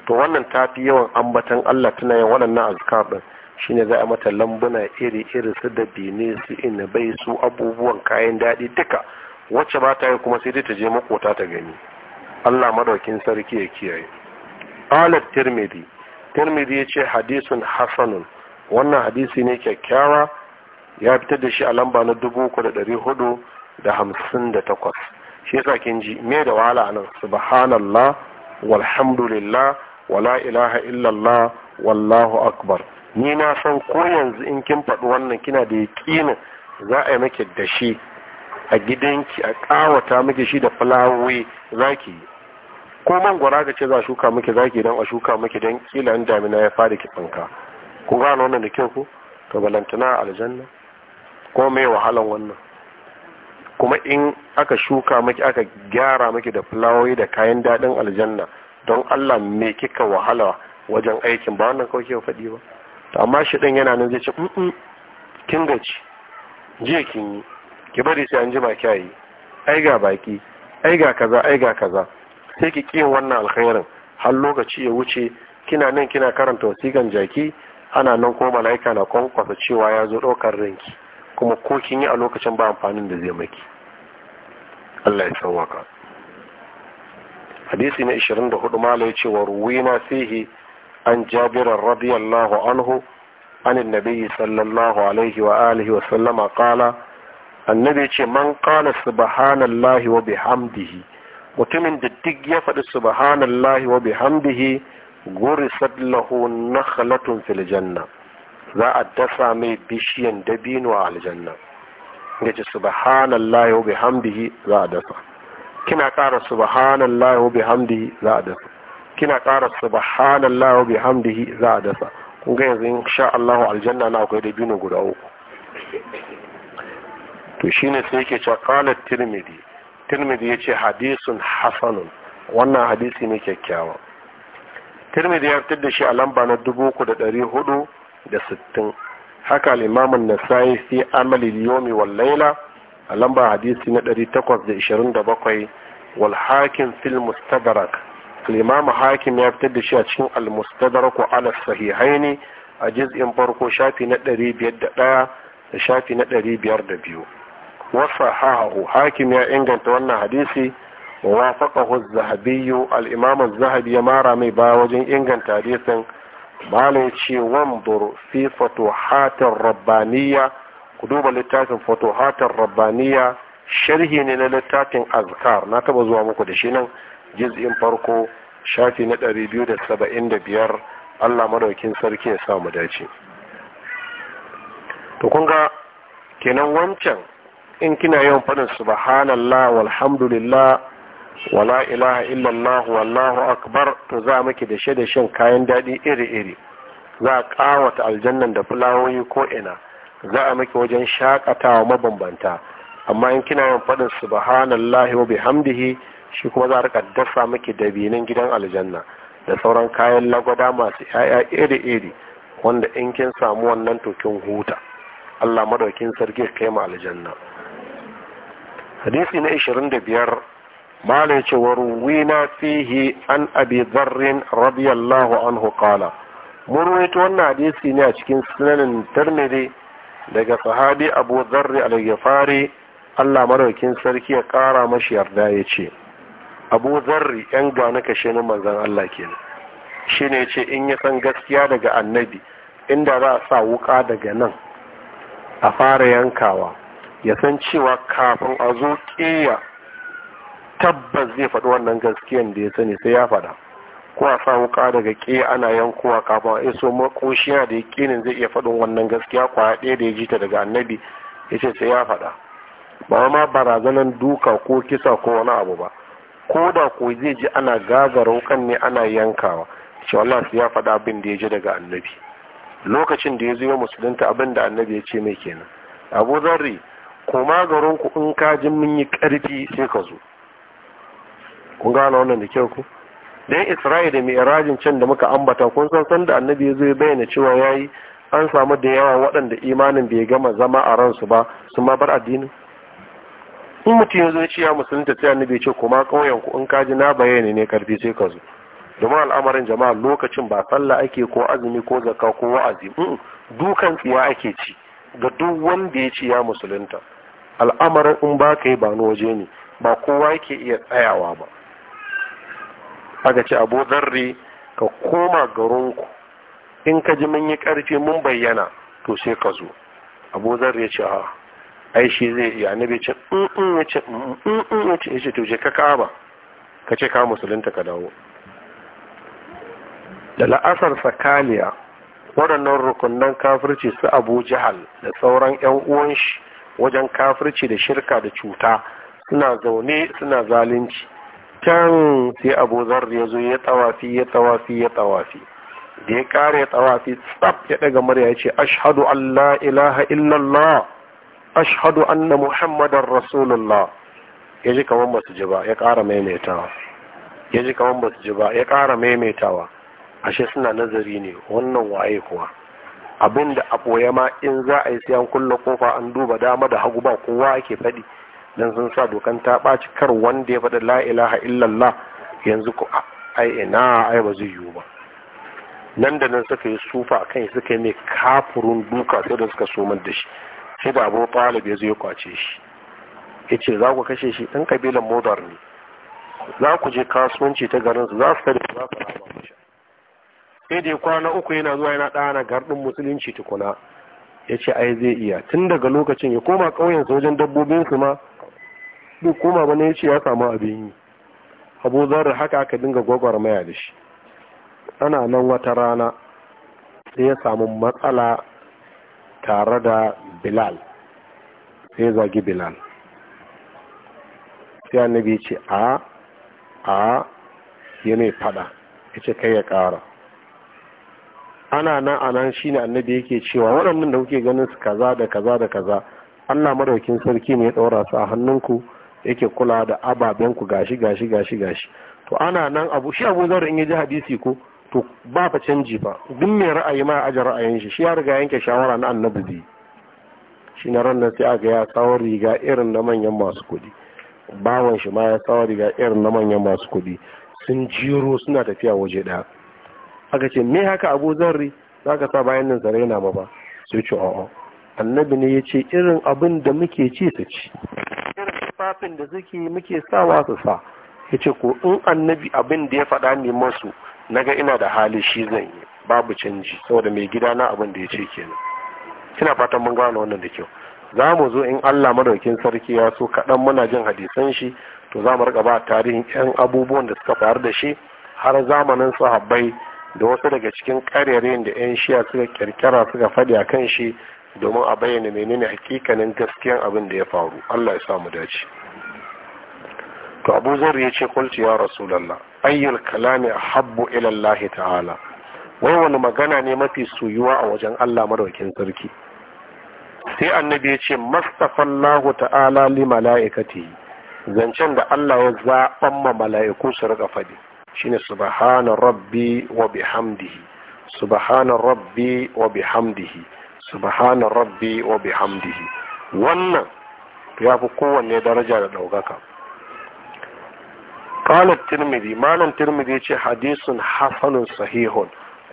to wannan ta fi yawan ambatan Allah tana yin waɗannan azkar ɗin shine za a mata lambuna iri iri su da bine su inabai su abubuwan kayan daɗi duka wacce ba ta yi kuma sai dai ta je makota ta gani Allah madaukin sarki ya kiyaye alat tirmidhi tirmidhi ce hadisun hasanun wannan hadisi ne kyakkyawa ya fitar da shi a lamba na dubu uku da ɗari hudu da hamsin da takwas shi yasa kin ji me da wahala nan subhanallah walhamdulillah wala ilaha illallah wallahu akbar ni na san ko yanzu in kin faɗi wannan kina da yaƙinin za a yi maki da shi a gidanki a ƙawata miki shi da fulawoyi za ki yi ko mangwara ka ce za a shuka miki za ki don a shuka miki don kila in damina ya fara ki tsinka ku gano wannan da kyau ku to balantana aljanna ko me wahalan wannan kuma in aka shuka miki aka gyara miki da fulawoyi da kayan daɗin aljanna don Allah me kika wahala wajen aikin ba wannan kawai ke faɗi ba to amma shi ɗan yana nan zai ce mm kin gaci jiya kin yi ki bari sai an jima kya yi ai ga baki ai ga kaza ai ga kaza sai ki ƙi wannan alkhairin har lokaci ya wuce kina nan kina karanta wasikan jaki ana nan ko mala'ika na kwankwasa cewa ya zo ɗaukar ranki kuma ko kin yi a lokacin ba amfanin da zai maki Allah ya sauwaka hadisi na 24 malai cewa ruwina sihi عن جابر رضي الله عنه عن النبي صلى الله عليه وآله وسلم قال النبي من قال سبحان الله وبحمده mutumin da duk ya faɗi subhanallahi wa bihamdihi gurisat lahu nakhlatun fil janna za a dasa mai bishiyan dabino a aljanna ya ce subhanallahi wa bihamdihi za a dasa kina ƙara subhanallahi wa bihamdihi za a dasa kina ƙara subhanallahi wa bihamdihi za a dasa kun ga yanzu insha Allah aljanna na akwai dabino guda uku to shine sai yake cewa qala tirmidhi tirmidhi yace hadisun hasanun wannan hadisi ne kyakkyawa tirmidhi ya fitar da shi a lamba na dubu uku da ɗari hudu da sittin haka al'imamun nasa'i fi amali yomi wal layla a lamba hadisi na ɗari takwas da da bakwai wal hakim fil mustadrak al-imam hakim ya fitar da shi a cikin al-mustadrak ala sahihaini a juz'in farko shafi na 501 da shafi na biyu wasahahu hakim ya inganta wannan hadisi wa wafaqahu az-zahabi al ya mara mai baya wajen inganta hadisin malai ce wanzur fi fatuhatir rabbaniya ku duba littafin fatuhatir rabbaniya sharhi ne na littafin azkar na taɓa zuwa muku da shi nan juz'in farko shafi na ɗari biyu da saba'in da biyar allah madaukin sarki ya samu dace to kun ga kenan wancan in kina yawan faɗin subhanallah walhamdulillah wala ilaha illallah wallahu akbar to za miki da da shan kayan daɗi iri-iri za a ƙawata aljannan da fulawoyi ko ina za a miki wajen shakatawa mabambanta amma in kina yawan faɗin subhanallah wa bihamdihi shi kuma za a rika dasa miki dabinin gidan aljanna da sauran kayan lagwada masu yaya iri-iri wanda in kin samu wannan to huta Allah madaukin sarki ya kai mu aljanna hadisi na 25 malai ce wa ruwina fihi an abi dharrin radiyallahu anhu qala mun wannan hadisi ne a cikin sunanin tirmidhi daga sahabi abu dharri al Allah madaukin sarki ya kara mashi yarda ya ce abu zarri yan gane kashe na manzan Allah kenan shine ne ce in ya san gaskiya daga annabi inda za a sa wuka daga nan a fara yankawa ya san cewa kafin a zo ƙeya tabbas zai faɗi wannan gaskiyan da ya sani sai ya faɗa ko a sa wuka daga ƙe ana yankowa kafin a iso makoshiya da ya ƙinin zai iya faɗin wannan gaskiya kwaya ɗaya da ya jita daga annabi ya ce sai ya faɗa ba ma barazanan duka ko kisa ko wani abu ba ko da ko zai ji ana gaza raukan ne ana yankawa cewa Allah ya faɗa abin da ya ji daga annabi lokacin da ya zo ya musulunta abin da annabi ya ce mai kenan abu zarri ko garin ku in ka ji mun yi ƙarfi sai ka zo kun gane wannan da kyau ku dan Isra'ila da Mi'rajin can da muka ambata kun san san da annabi ya zo ya bayyana cewa ya yi an samu da yawa waɗanda imanin bai gama zama a ransu ba sun ma bar addinin in mutum ya zo ya ce ya musulunta sai annabi ya ce kuma ƙauyen ku in ka ji na bayani ne karfi sai ka zo domin al'amarin jama'a lokacin ba sallah ake ko azumi ko zakka ko wa'azi mm, dukan tsiya ake ci ga duk wanda ya ce ya musulunta al'amarin in ba ka yi ba na waje ne ba kowa yake iya tsayawa ba aka ce abu zarri ka koma garinku in ka ji mun yi ƙarfi mun bayyana to sai ka zo abu zarri ya ce ai shi zai yi annabi ce in ya ce in ya ce to je ka kaba ka ce ka musulunta ka dawo da la'asar sakaliya waɗannan rukunan kafirci su abu jihal da sauran 'yan uwan shi wajen kafirci da shirka da cuta suna zaune suna zalunci can sai abu zar ya zo ya tawafi ya tawafi ya tawafi da ya kare ya tawafi tsaf ya daga murya ya ce ashadu allah ilaha illallah ashhadu anna muhammadar rasulullah ya ji kamar ba su ji ba ya ƙara maimaitawa ya ji kamar ba su ji ba ya ƙara maimaitawa ashe suna nazari ne wannan waye kuwa abin da a ɓoye ma in za a yi siyan kulle kofa an duba dama da hagu ba kowa ake faɗi dan sun sa dokan ta ɓaci kar wanda ya faɗa la ilaha illallah yanzu ku ai ina ai ba zai yiwu ba nan da nan suka yi sufa kan suka yi mai kafurun duka sai da suka somar da shi sai da abu talib ya zo ya kwace shi ya ce za ku kashe shi ɗan ƙabilan modar ne za ku je kasuwanci ta garin su za su tare za su rama mashi sai da kwana uku yana zuwa yana ɗana gardin musulunci tukuna ya ce ai zai iya tun daga lokacin ya koma ƙauyen wajen dabbobin su ma duk koma ba ne ya ce ya samu abin yi abu zarra haka aka dinga gwagwarmaya da shi ana nan wata rana sai ya samu matsala tare da bilal sai zagi bilal sai annabi ce a a ya mai fada ya ce kai ya ƙara ana nan a nan shine annabi yake cewa waɗannan da kuke ganin su kaza da kaza da kaza Allah madaukin sarki ne ya ɗora su a hannunku yake kula da ababenku ku gashi gashi gashi gashi to ana nan abu shi abu zaura in ya ji hadisi ko to ba fa canji ba duk mai ra'ayi ma aje ra'ayin shi shi ya riga yanke shawara na annabi bi shi na ran sai aka ya tsawon riga irin na manyan masu kuɗi bawan shi ma ya tsawon riga irin na manyan masu kuɗi sun jiro suna tafiya waje ɗaya aka ce me haka abu zarri za ka sa bayan nan zare na ba sai ce a'a annabi ne ya ce irin abin da muke ci su ci irin tufafin da suke muke sawa su sa ya ce ko in annabi abin da ya faɗa ne masu naga ina da hali shi zan yi babu canji saboda mai gida na abin da ya ce kenan kina fatan mun gano wannan da kyau za mu zo in Allah madaukin sarki ya so kaɗan muna jin hadisan shi to za mu riƙa ba tarihin yan abubuwan da suka faru da shi har zamanin sahabbai da wasu daga cikin ƙarerayen da yan shiya suka kirkira suka faɗi a kan shi domin a bayyana menene hakikanin gaskiyan abin da ya faru Allah ya sa mu dace to Abu Zar ya ce kulci ya rasulallah ayyul kalami habbu ila Allah ta'ala wai wani magana ne mafi soyuwa a wajen Allah madaukin sarki sai annabi ya ce mastafallahu ta'ala li mala'ikati zancen da Allah ya zaɓan ma mala'iku su rika faɗi shine subhana rabbi wa bihamdihi subhana rabbi wa bihamdihi subhana rabbi wa bihamdihi wannan ya fi kowanne daraja da ɗaukaka qala tirmidhi malam tirmidhi yace hadisun hasanun sahihun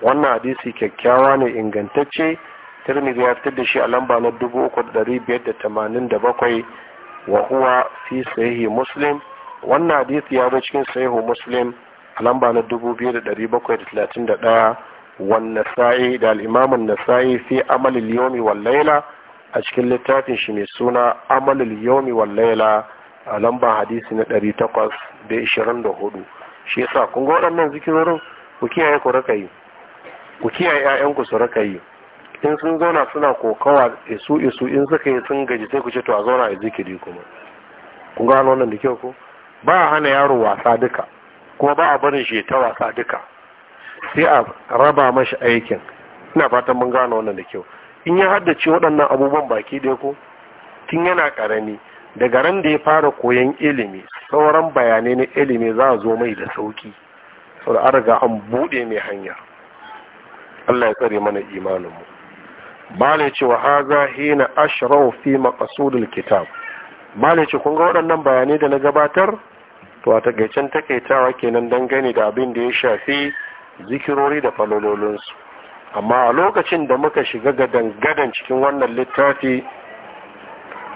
wannan hadisi kyakkyawa ne ingantacce tirmidhi ya fitar da shi a lamba na 3587 wa huwa fi sahihi muslim wannan hadisi ya zo cikin sahihu muslim a lamba na 2731 wan nasa'i da al-imam an-nasa'i fi amal al-yawmi wal layla a cikin littafin shi mai suna amal al-yawmi wal layla a lamba hadisi na ɗari takwas da shi yasa kun ga waɗannan zikirorin ku kiyaye ku raka yi ku kiyaye 'ya'yanku su raka yi in sun zauna suna kokawa isu isu in suka yi sun gaji sai ku ce to a zauna a zikiri kuma kun gano wannan da kyau ko ba a hana yaro wasa duka kuma ba a barin shi ta wasa duka sai a raba mashi aikin ina fatan mun gano wannan da kyau in ya haddace waɗannan abubuwan baki ɗaya ko tun yana ƙarami daga ran da ya fara koyon ilimi sauran bayanai na ilimi za a zo mai da sauki sau da an riga an buɗe mai hanya Allah ya tsare mana imaninmu bala ce wa haza hina ashrau fi maqsudil kitab ne ce kun ga waɗannan bayanai da na gabatar to a takaicen takaitawa kenan dangane da abin da ya shafi zikirori da falololinsu amma a lokacin da muka shiga gadan gadan cikin wannan littafi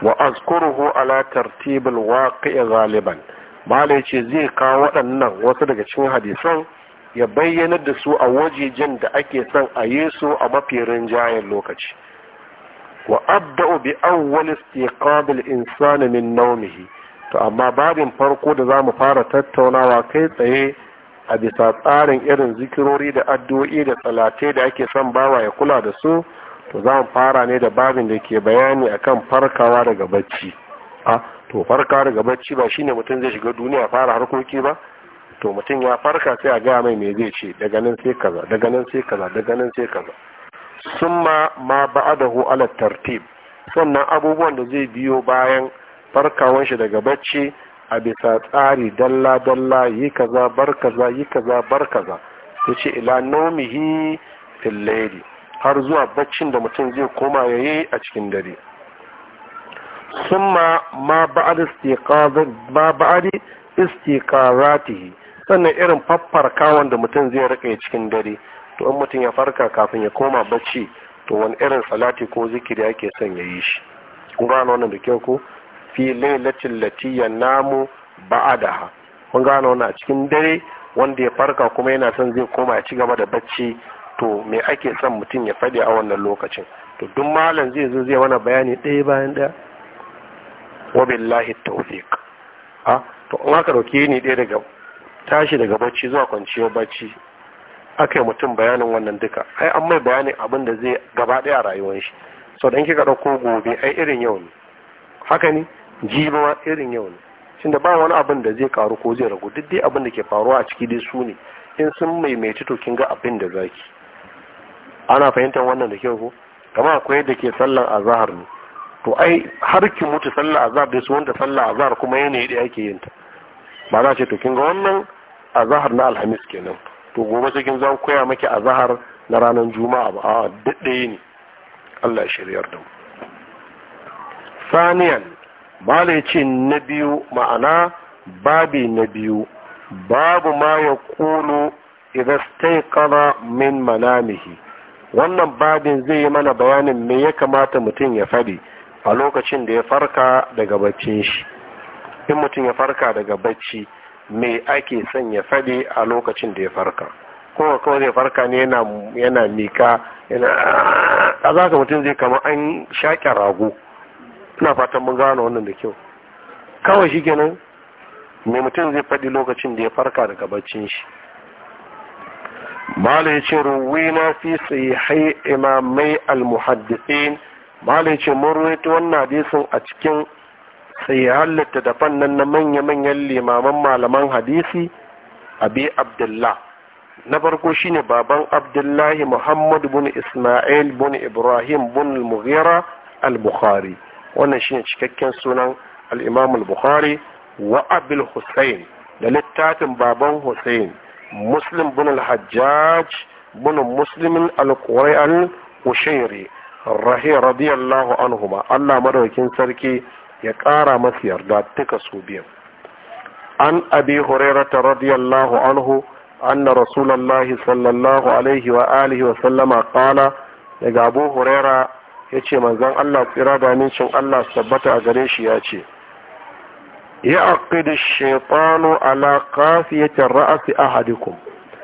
wa azkuruhu ala tartibul waqi'i galiban malai ce zai kawo waɗannan wasu daga cikin hadisan ya bayyana da su a wajejen da ake son a yi su a mafi rinjayen lokaci wa abda'u bi awwal istiqabil insani min nawmihi to amma babin farko da zamu fara tattaunawa kai tsaye a bisa tsarin irin zikirori da addu'o'i da tsalatai da ake son bawa ya kula da su to za mu fara ne da babin da ke bayani akan farkawa daga bacci a to farkawa daga bacci ba shine mutum zai shiga duniya fara harkoki ba to mutum ya farka sai a gaya mai me zai ce daga nan sai kaza daga nan sai kaza daga nan sai kaza summa ma ba'adahu ala tartib sannan abubuwan da zai biyo bayan farkawan shi daga bacci a bisa tsari dalla dalla yi kaza bar kaza yi kaza bar kaza yace ila naumihi fil layli har zuwa baccin da mutum zai koma ya yi a cikin dare sun ma ba'adi istiqaratihi sannan irin faffarkawan da mutum zai rika cikin dare to in mutum ya farka kafin ya koma bacci to wani irin salati ko zikiri ake son ya yi shi kun gano wannan da kyau ko fi lailatin lati namu ba'adaha kun gano wannan a cikin dare wanda ya farka kuma yana son zai koma ya ci gaba da bacci to me ake son mutum ya faɗi a wannan lokacin to duk malam zai zo zai mana bayani ɗaya bayan ɗaya wabillahi tawfiq ha to in aka dauke ni ɗaya daga tashi daga bacci zuwa kwanciyar bacci aka yi mutum bayanin wannan duka ai an mai bayanin abin da zai gaba ɗaya rayuwar shi sau da kika ɗauko gobe ai irin yau ne haka ne jiba ma irin yau ne shin da ba wani abin da zai karu ko zai ragu duk dai abin da ke faruwa a ciki dai su ne in sun maimaita to kin ga abin da zaki ana fahimtar wannan da kyau ko kamar akwai da ke sallar azhar ne to ai har ki mutu sallar azhar dai su wanda sallar azhar kuma yanayi da yake yin ta ba za ce to kin ga wannan azhar na alhamis kenan to gobe sai kin zan koya maki azhar na ranar juma'a ba a daɗaya ne Allah ya shiryar da mu saniyan malai ce na biyu ma'ana babi na biyu babu ma ya kulu idan kana min manamihi wannan babin zai yi mana bayanin me ya kamata mutum ya faɗi a lokacin da ya farka daga baccin shi in mutum ya farka daga bacci me ake son ya faɗi a lokacin da ya farka ko kawai zai farka ne yana yana mika yana a za ka mutum zai kama an shaƙe rago ina fatan mun gano wannan da kyau kawai shi kenan me mutum zai faɗi lokacin da ya farka daga baccin shi mala ya ce ruwina fi sahihai imamai al-muhaddisin mala ya wannan hadisin a cikin sahihan littattafan nan na manya-manyan limaman malaman hadisi abi abdullah na farko shine baban abdullahi muhammad bin isma'il bin ibrahim bin mughira al-bukhari wannan shine cikakken sunan al-imam al-bukhari wa abul hussein da littafin baban hussein muslim bin al-hajjaj bin muslimin al-qurai al-ushairi rahiyar radiyallahu anhuma allah madaukin sarki ya ƙara masu yarda duka su biyan an abi hurairata radiyallahu anhu anna rasulallahi sallallahu alaihi wa alihi wa sallama qala daga abu huraira yace manzon Allah tsira da amincin Allah tabbata a gare shi ya ce Ya da يعقد الشيطان على قافية الرأس أحدكم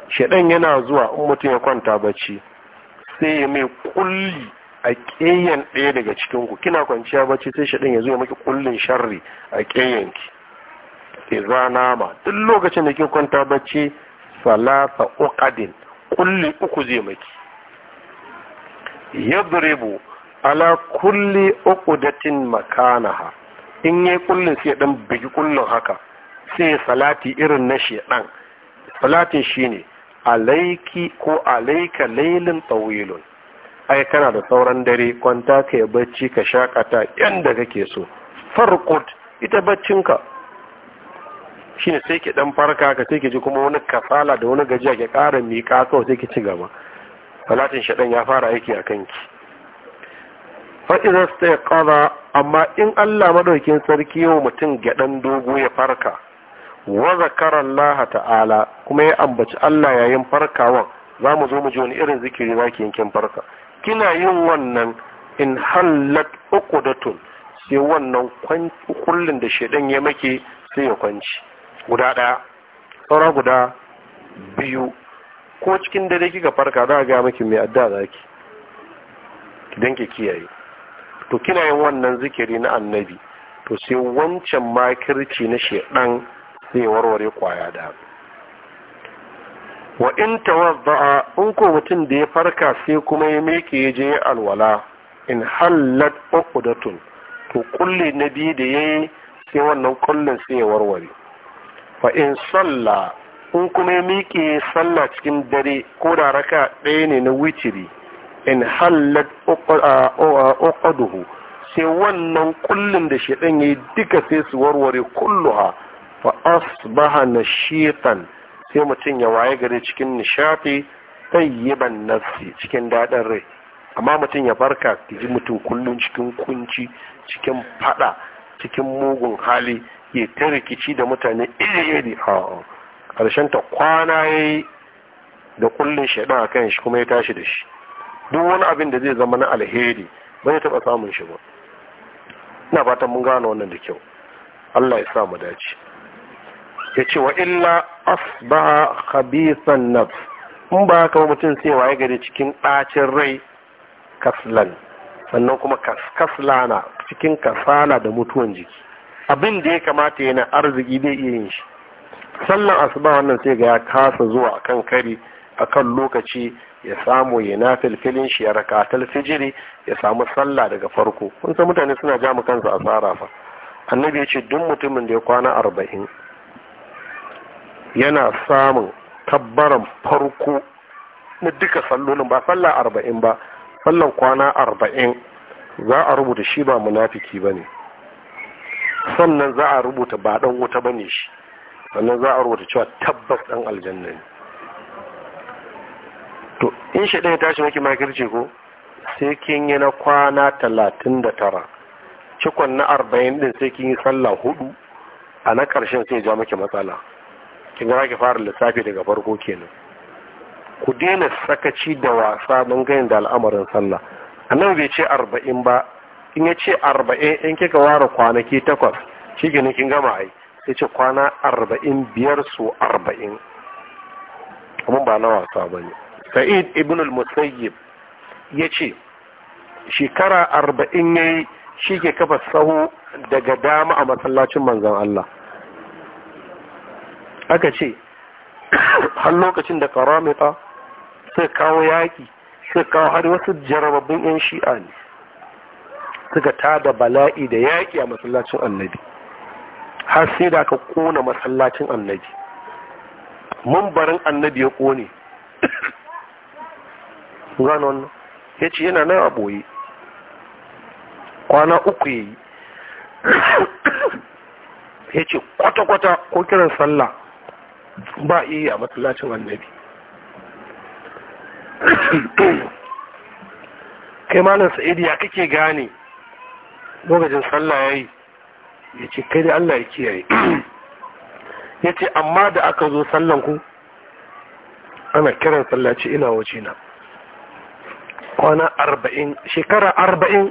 شيطان yana zuwa in mutum ya kwanta bacci sai ya mai kulli a ƙeyan ɗaya daga cikin ku kina kwanciya bacci sai shaɗin ya zo maki kullin sharri a ƙeyan ki iza nama duk lokacin da ke kwanta bacci salasa uqadin kulli uku zai maki yadribu ala kulli uqdatin makanaha in yi kullum sai dan bigi kullun haka sai salati irin na shedan salatin shine alaiki ko alaika lailin tawilun ai kana da sauran dare kwanta ka ya bacci ka shakata yanda kake so farqut ita baccinka shine sai ke dan farka ka sai ke ji kuma wani kasala da wani gajiya ke ƙara miƙa kawai sai ke ci gaba salatin shaɗan ya fara aiki a kanki fa'iza sai ƙara amma in Allah madaukin sarki yau mutum gyaɗan dogo ya farka wa laha ta'ala kuma ya ambaci Allah yayin farkawan za mu zo mu ji wani irin zikiri za ki yankin farka kina yin wannan in hallat uqudatun sai wannan kullun da shedan ya make sai ya kwanci guda ɗaya saura guda biyu ko cikin dare kika farka za ga miki mai addu'a zaki ki kiyaye to kina yin wannan zikiri na annabi to sai wancan makirci na shedan zai warware kwaya da wa in tawadda'a in ko mutum da ya farka sai kuma ya meke ya je alwala in hallat uqdatun to kulli na da yayi sai wannan kullin sai ya warware fa in salla in kuma ya meke sallah cikin dare ko da raka ɗaya ne na witiri in hallat uqaduhu sai wannan kullun da shedan yayi duka sai su warware kulluha fa asbaha nashitan sai mutum ya waye gare cikin nishati tayyiban nafsi cikin dadin rai amma mutum ya farka ji mutum kullun cikin kunci cikin fada cikin mugun hali ya ta rikici da mutane iri-iri a ƙarshen ta kwana yayi da kullun shedan kan shi kuma ya tashi da shi duk wani abin da zai zama na alheri ba ya taɓa samun shi ba ina fatan mun gane wannan da kyau Allah ya sa mu dace ya ce wa illa asbaha khabisan nafs in ba haka mutum sai waye gari cikin ɗacin rai kaslan sannan kuma kaslana cikin kasala da mutuwan jiki abin da ya kamata yana arziki bai iya yin shi sallan asuba wannan sai ga ya kasa zuwa akan kari akan lokaci ya samu ya na filfilin shi ya rakatar fijiri ya samu sallah daga farko kun san mutane suna ja mu kansu asara fa annabi ya ce duk mutumin da ya kwana arba'in yana samun tabbaran farko na duka sallolin ba sallah arba'in ba sallan kwana arba'in za a rubuta shi ba munafiki ba ne sannan za a rubuta ba dan wuta ba ne shi sannan za a rubuta cewa tabbas ɗan aljanna ne to in shi ya tashi maki makirci ko sai kin yi na kwana talatin da tara cikon na arba'in din sai kin yi sallah hudu a na ƙarshen sai ja maki matsala kin gara ki fara lissafi daga farko kenan ku daina sakaci da wasa don ganin da al'amarin sallah nan bai ce arba'in ba in ya ce arba'in in kika wara kwanaki takwas shi gini kin gama ai sai ce kwana arba'in biyar su arba'in amma ba na wasa ba ne sa'id ibn al-musayyib ya ce shekara arba'in yayi shi ke kafa sahu daga dama a masallacin mangan Allah aka ce har lokacin da karamita sai kawo yaƙi sai kawo har wasu jarababbin 'yan shi'a ne suka tada bala'i da yaƙi a masallacin annabi har sai da aka kona masallacin annabi mumbarin annabi ya kone gano wannan ya ce yana nan a ɓoye kwana uku ya yi ya ce kwata-kwata ko kiran sallah ba iya yi a matsalacin annabi kai malam sa'idi ya kake gane lokacin sallah ya yi ya ce kai da allah ya kiyaye ya ce amma da aka zo sallan ku ana kiran sallah ce ina waje na kwana arba'in shekara arba'in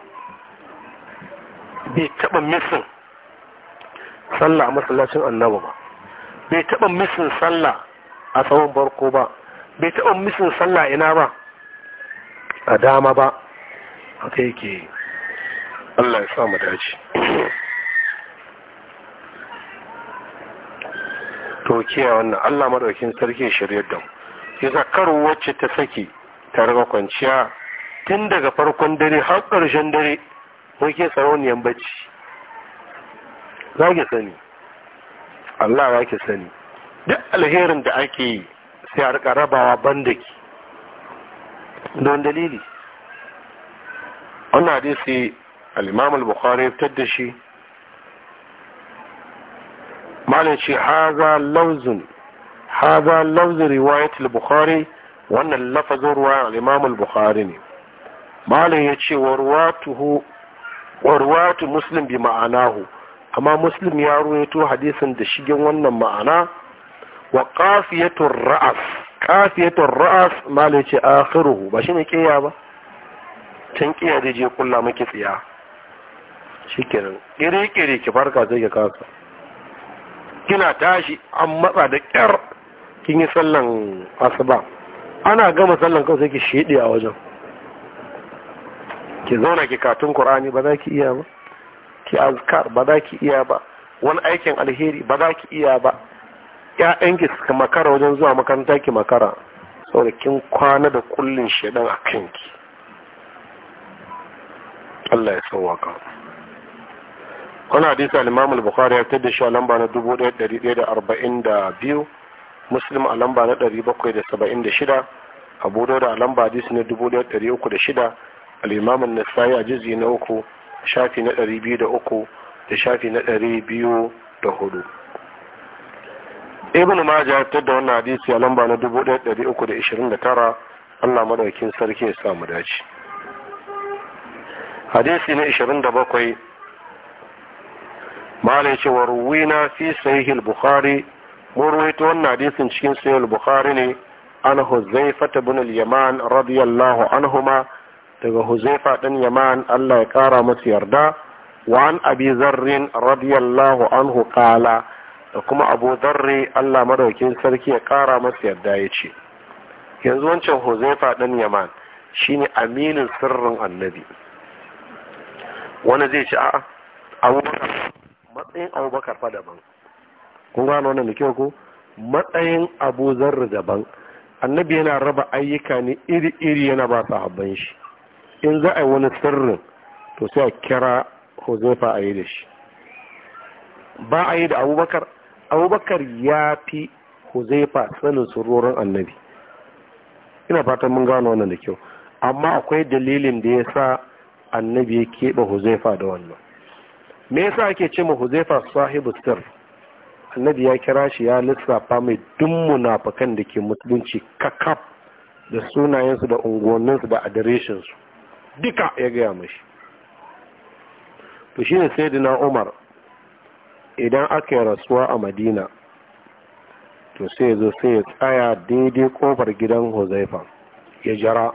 bai taɓa misin sallah a masallacin annaba ba bai taɓa misin sallah a tsawon barko ba bai taɓa misin sallah ina ba a dama ba kai ke Allah ya sa mu dace to kiyaye wannan Allah madaukin sarki shirye don. mu yasa wacce ta saki ta riga kwanciya tun daga farkon dare har ƙarshen dare muke tsaroniyan bacci za ki sani Allah ya ki sani duk alherin da ake yi sai a rika rabawa banda ki don dalili wannan hadisi al-imam al-bukhari ya fitar da shi malin shi haza lauzun haza lauzun riwayat al-bukhari wannan lafazin ruwa al-imam al-bukhari ne malam ya ce warwatu muslim bi ma'anahu amma muslim ya ruwaito hadisin da shigen wannan ma'ana wa kafiyatul ra'as kafiyatul ra'as malam ya ce akhiruhu ba shi ne kiya ba can kiya da je kulla maki tsiya shikenan kire-kire ki farka zai ga kasa kina tashi an matsa da kyar kin yi sallan asuba ana gama sallan kawai sai ki shede a wajen ki zauna ki katun qur'ani ba za ki iya ba ki azkar ba za ki iya ba wani aikin alheri ba za ki iya ba ki suka makara wajen zuwa makaranta ki makara saboda kin kwana da kullun shedan a kanki Allah ya sauwaka wani hadisi al-Imam al-Bukhari ya fitar da shi a lamba na 1142 Muslim a lamba na 776 Abu Dawud a lamba hadisi na 1306 al-imam an-nasai a juz'i na uku shafi na ɗari biyu da uku da shafi na ɗari biyu da hudu ibn majah ya fitar da wannan hadisi a lamba na dubu ɗaya ɗari uku da ishirin da tara allah madaukin sarki ya samu dace hadisi na ishirin da bakwai malai ce wa ruwina fi sahihil bukhari mun ruwaito wannan hadisin cikin sahihil bukhari ne an huzaifata bin al-yaman radiyallahu anhuma daga huzaifa ɗin yaman allah ya ƙara masa yarda wa an abi zarrin radiyallahu anhu kala da kuma abu zarri allah madaukin sarki ya ƙara masa yarda ya ce yanzu wancan huzaifa ɗin yaman shine aminin sirrin annabi wani zai ci a abubakar matsayin abubakar fa daban kun gano wannan da kyau ko matsayin abu zarri daban annabi yana raba ayyuka ne iri-iri yana ba sahabban shi in za a yi wani sirrin to sai a kira huzaifa a yi da shi ba a yi da abubakar abubakar ya fi huzaifa sanin surorin annabi ina fatan mun gano wannan da kyau amma akwai dalilin da ya sa annabi ya keɓe huzaifa da wannan me yasa ake ce ma huzaifa sahibu sir annabi ya kira shi ya lissafa mai duk munafukan da ke musulunci kakaf da sunayensu da unguwanninsu da adireshinsu duka ya gaya mashi to shi ne na umar idan aka yi rasuwa a madina to sai zo sai ya tsaya daidai kofar gidan huzaifa ya jara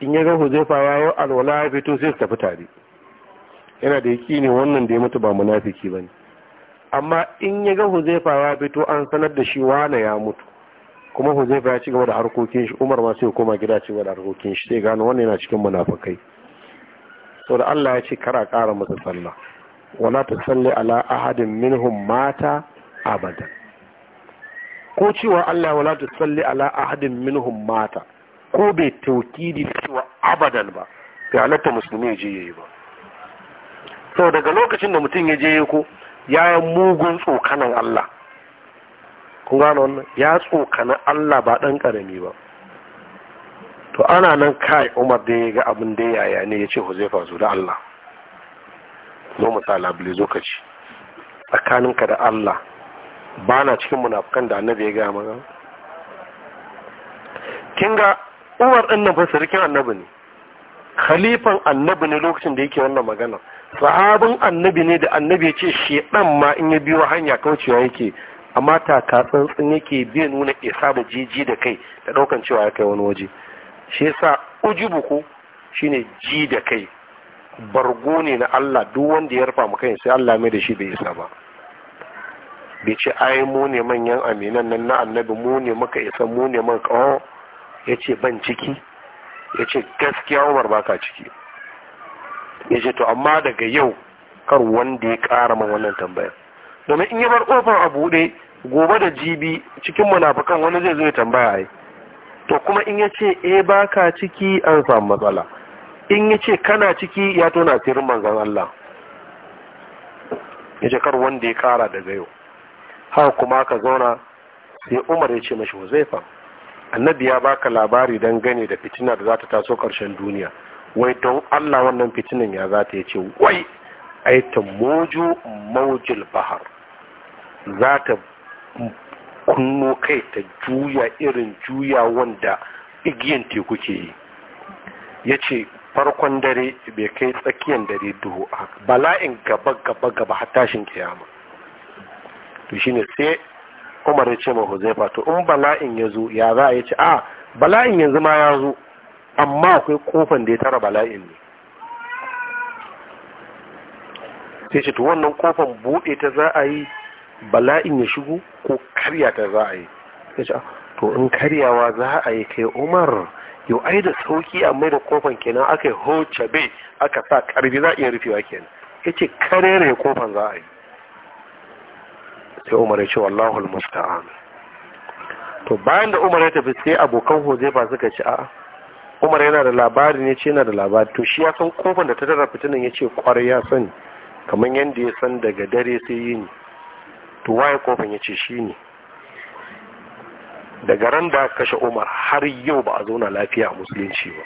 in ya ga huzaifa ya yi alwala ya fito sai su tafi tare yana da yaki ne wannan da ya mutu ba munafiki ba ne amma in ya ga huzaifa ya fito an sanar da shi wane ya mutu kuma huzaifa ya ci gaba da harkokin shi umar ma sai ya koma gida ci gaba da harkokin shi sai gano wannan yana cikin munafukai saboda Allah ya ce kara kara masa sallah wala tsalle ala ahadin minhum mata abadan ko cewa Allah wala tsalle ala ahadin minhum mata ko bai tauki da cewa abadan ba ga halatta musulmi ya je yayi ba sau daga lokacin da mutum ya je ko ya yi mugun tsokanan Allah kun gano wannan ya tsokana Allah ba ɗan ƙarami ba to ana nan kai Umar da ya ga abin da yaya ne ya ce Huzaifa zo da Allah zo mu sa labule zo ka ci tsakaninka da Allah ba na cikin munafukan da annabi ya gaya maka kin ga Umar ɗin nan fa sarkin annabi ne khalifan annabi ne lokacin da yake wannan magana sahabin annabi ne da annabi ya ce shedan ma in ya biyo hanya kaucewa yake amma ta ka tsantsin yake bai nuna isa da jiji da kai da ɗaukan cewa ya kai wani waje shi yasa ujubu ko shine ji da kai bargo ne na Allah duk wanda ya rufa kai sai Allah mai da shi bai isa ba bai ce ai mu ne manyan aminan nan na annabi mu ne muka isa mu ne man kawo ya ban ciki ya gaskiya umar baka ciki ya to amma daga yau kar wanda ya kara man wannan tambayar domin in yi bar ofar a buɗe gobe da jibi cikin munafukan wani zai zo ya tambaya ai to kuma in yace ce eh baka ciki an samu matsala in yace kana ciki ya tona sirrin manzon Allah ya ce kar wanda ya kara daga yau ha kuma ka zauna sai Umar ya ce mashi Huzaifa annabi ya baka labari don gane da fitina da za ta taso karshen duniya wai don Allah wannan fitinan ya za ta yi wai ai moju maujil bahar za ta kunno kai ta juya irin juya wanda igiyan teku ke yi ya ce farkon dare bai kai tsakiyan dare duhu a bala'in gaba gaba gaba hatashin kiyama to shi ne sai umar ya ce mahu zai to in bala'in ya zo ya za a ya ce a ah, bala'in yanzu ma ya zo amma akwai kofan da ya tara bala'in ne sai ce to wannan kofan buɗe ta za a yi bala'in ya shigo ko karya ta za a yi ah, to in karyawa za a yi kai umar yau ai da sauki a mai da kofan kenan aka yi ho bai aka sa karbi za a iya rufewa kenan ya ce karere kofan za a yi sai umar ya ce wallahul musta'an to bayan da umar ya tafi sai abokan hozefa suka ci a? umar yana da labari ne ce yana da labari to shi ya san kofan da ta tara fitinan ya ce kwarai ya sani kamar yadda ya san daga dare sai yini to waye kofin ya ce shi ne daga ran da kashe umar har yau ba a zauna lafiya a musulunci ba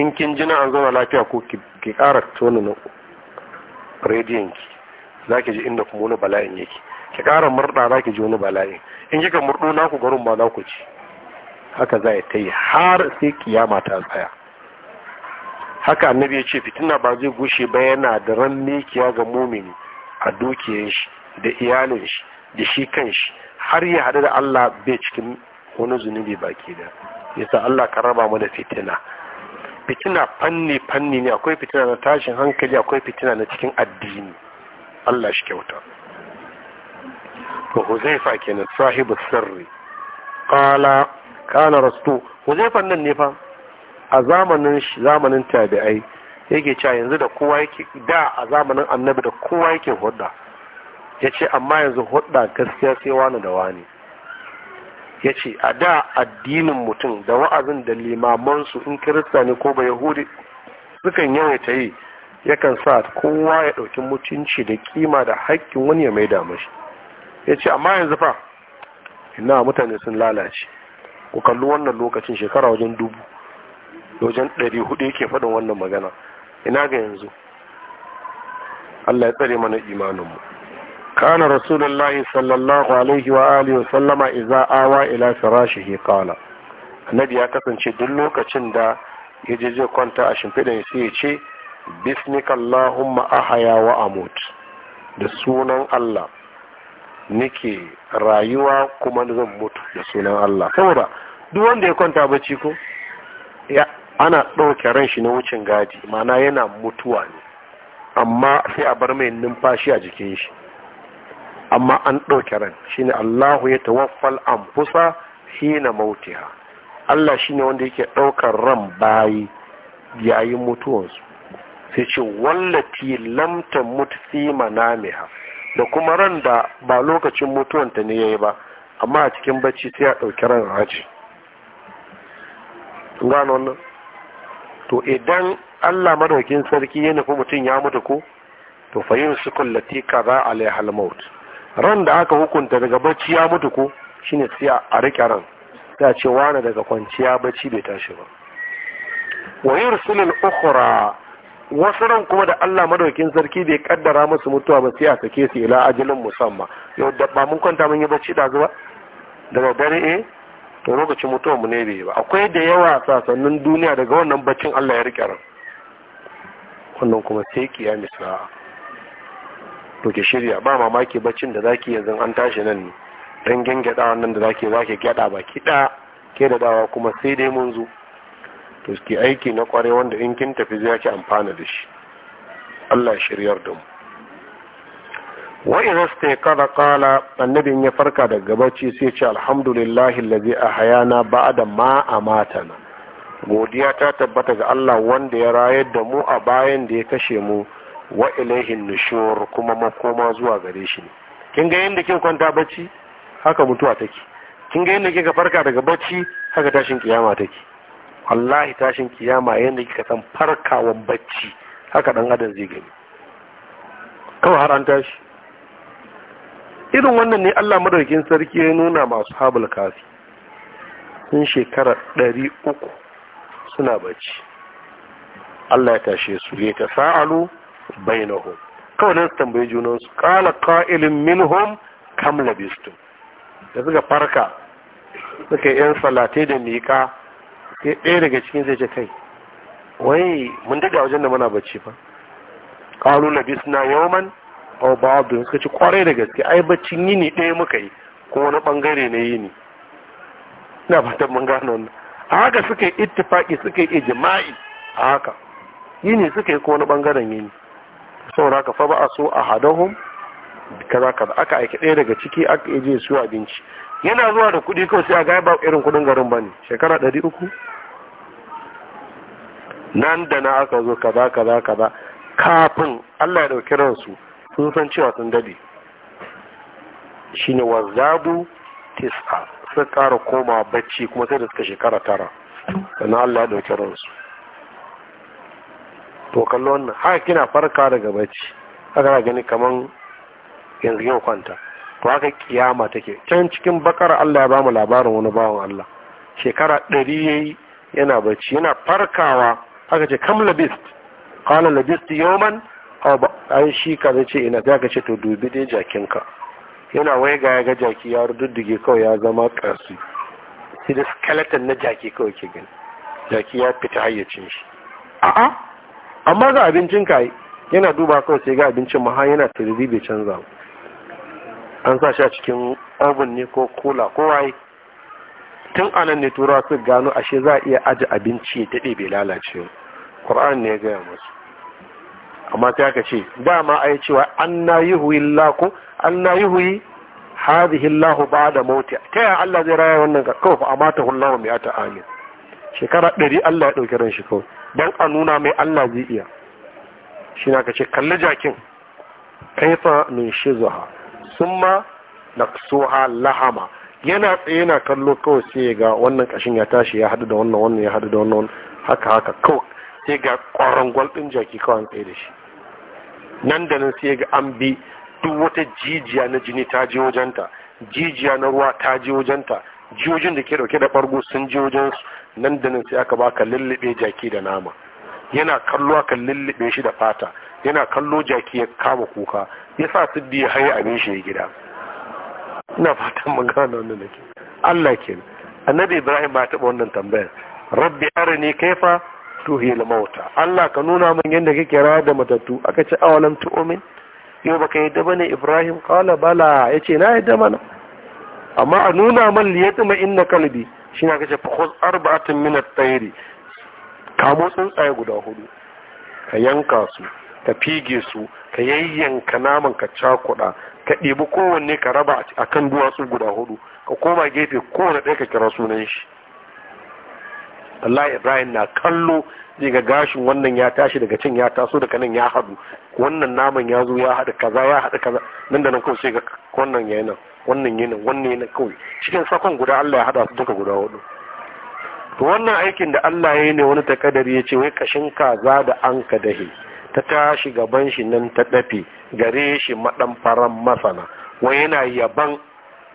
in kin jina an zauna lafiya ko ki ƙara na rediyon ki za ki ji inda kuma wani bala'in yake ki ƙara murda za ki ji wani bala'in in kika na ku garin ba za ku ci haka za ta yi har sai kiyama ta tsaya haka annabi ya ce fitina ba zai gushe ba yana da ran kiya ga mumini a dukiyar shi da iyalin shi da shi kan shi har ya haɗu da Allah bai cikin wani zunubi baki da yasa Allah ka raba mu da fitina fitina fanni fanni ne akwai fitina na tashin hankali akwai fitina na cikin addini Allah shi kyauta to Huzaifa kenan sahibu sirri qala kana rasul Huzaifan nan ne fa a zamanin zamanin tabi'ai yake cewa yanzu da kowa yake da a zamanin annabi da kowa yake hudda ya ce amma yanzu hudda gaskiya sai wani da wani ya ce a da addinin mutum da wa'azin da limamansu in kirista ne ko ba yahudi sukan yawaita yi yakan sa kowa ya ɗauki mutunci da kima da haƙƙin wani ya mai damar shi. ya ce amma yanzu fa ina mutane sun lalace ku kalli wannan lokacin shekara wajen dubu wajen ɗari hudu yake faɗin wannan magana ina ga yanzu Allah ya tsare mana imaninmu kana rasulullahi sallallahu alaihi wa alihi sallama idza awa ila firashihi qala annabi ya kasance duk lokacin da yaje zai kwanta a shimfidan sai ya ce bismikallahumma ahaya wa amut da sunan Allah nake rayuwa kuma zan mutu da sunan Allah saboda duk wanda ya kwanta bacci ko ya ana ɗauke ran shi na wucin gadi mana yana mutuwa ne amma sai a bar mai numfashi a jikin shi amma an ɗauke ran shine Allahu ya tawaffal fusa hina mautiha Allah shi ne wanda yake ɗaukar ran bayi yayin mutuwansu sai ce lamta lam ma manamiha da kuma ran da ba lokacin mutuwanta ne ya yi ba amma a cikin bacci sai a ɗauki ran raji gano wannan to idan Allah madaukin sarki ya nufi mutum ya mutu ko to fa yumsikul lati za a al-maut ran da aka hukunta daga bacci ya mutu ko shine sai a rike ran sai a ce wani daga kwanciya bacci bai tashi ba wani rasulun ukura wasu ran kuma da Allah madaukin sarki bai kaddara musu mutuwa ba sai a sake su ila ajalin musamman yau da ba mun kwanta mun yi bacci da zuwa daga dare eh to lokacin mutuwa mu ne bai ba akwai da yawa sasannin duniya daga wannan bacin Allah ya rike ran wannan kuma sai kiyami sa'a to ke shirya ba mamaki bacin da zaki yanzu an tashi nan ne dan gengeda wannan da zaki zaki ba ki da ke da dawa kuma sai dai mun zo to ki aiki na kware wanda in kin tafi ki amfana da shi Allah shiryar da mu wa idza staqala qala annabin ya farka daga bacci sai ce alhamdulillahi allazi ahyana ba'da ma amatana godiya ta tabbata ga Allah wanda ya rayar da mu a bayan da ya kashe mu wa ilaihin nushur kuma makoma zuwa gare shi ne kin ga yadda kin kwanta bacci haka mutuwa take kin ga yadda kika farka daga bacci haka tashin kiyama take wallahi tashin kiyama yadda kika san farkawan bacci haka dan adam zai gani kawai har an tashi irin wannan ne Allah madaukin sarki ya nuna masu habul kafi sun shekara ɗari uku suna bacci Allah ya tashe su ya ta sa'alu bainahum kawai nan su tambayi junansu qala qa'ilun minhum kam labistum da suka farka suka yi yan salate da miƙa sai ɗaya daga cikin zai ce kai wai mun daga wajen da muna bacci ba na yau yawman aw ba'dun suka ci kwarai da gaske ai baccin yini ɗaya muka yi ko wani ɓangare na yini ina fatan mun gano wannan a haka suka yi ittifaki suka yi ijima'i a haka yini suka yi ko wani yi yini saboda haka fa ba a so a hadahun kaza kaza aka aiki ɗaya daga ciki aka je su abinci yana zuwa da kuɗi kawai sai a ga ba irin kuɗin garin ba ne, shekara ɗari uku nan da na aka zo kaza kaza kaza kafin Allah ya ɗauki ransu sun san cewa sun dade shine wazabu tis'a sun kara koma bacci kuma sai da suka shekara tara sannan Allah ya dauki ransu to kallo wannan haka kina farka daga bacci haka na gani kaman yanzu yau kwanta to haka kiyama take can cikin bakara Allah ya bamu labarin wani bawan Allah shekara ɗari ya yi yana bacci yana farkawa haka ce kam labist qala labist yawman an shi ka zai ce ina za ka ce to dubi dai jakinka yana wai ga ya ga jaki ya rududdige kawai ya zama ƙarsu shi da skeleton na jaki kawai ke gani jaki ya fita hayyacin shi a'a amma ga abincin ka yana duba kawai sai ga abincin maha yana tirizi bai canza an sa shi a cikin oven ne ko kula ko waye tun anan ne turawa su gano ashe za a iya aji abinci ya daɗe bai lalace Qur'an ne ya gaya masu amma sai aka ce dama ai cewa an na huyi laku an na yuhuyi hadhihi Allah ba'da mauti ta ya Allah zai raya wannan ga kawai fa amata Allah mai ata amin shekara ɗari Allah ya ɗauki ran shi kawai dan a nuna mai Allah zai iya shi na kace kalli jakin kaifa min shizaha summa naksuha lahama yana tsaye yana kallo kawai sai ga wannan kashin ya tashi ya hadu da wannan wannan ya hadu da wannan haka haka kawai sai ga ƙwarangwal ɗin jaki kawai tsaye da shi nan da nan sai ga an bi duk wata jijiya na jini ta je wajenta jijiya na ruwa ta je wajenta jiyojin da ke dauke da ɓargo sun je su, nan da nan sai aka baka lullube jaki da nama yana kallo aka lullube shi da fata yana kallo jaki ya kama kuka ya sa siddi ya haye abin shi ya gida ina fatan mun gane wannan ke. Allah ke annabi Ibrahim ba taɓa wannan tambayar rabbi arini kaifa tuhil mauta Allah ka nuna min yadda kake rawa da matattu aka ce awalam tu'min yau baka yadda bane Ibrahim qala bala yace na yadda mana amma a nuna man liyatma inna kalbi shi na kashe fakhuz arba'atin min at kamo tsaye guda hudu ka yanka su ka fige su ka yayyanka naman ka cakuɗa ka ɗibi kowanne ka raba a kan duwatsu guda hudu ka koma gefe kowane ɗaya ka kira sunan shi wallahi ibrahim na kallo zai ga gashin wannan ya tashi daga cin ya taso daga nan ya haɗu wannan naman ya zo ya haɗu kaza ya haɗu kaza nan da nan kawai sai ga wannan ya nan wannan ya nan wannan ya nan kawai cikin sakon guda Allah ya haɗa su duka guda hudu to wannan aikin da Allah ya yi ne wani takadari ya ce wai kashin kaza da an ka dahe ta tashi gaban shi nan ta dafe gare shi maɗan faran masana wai yana yaban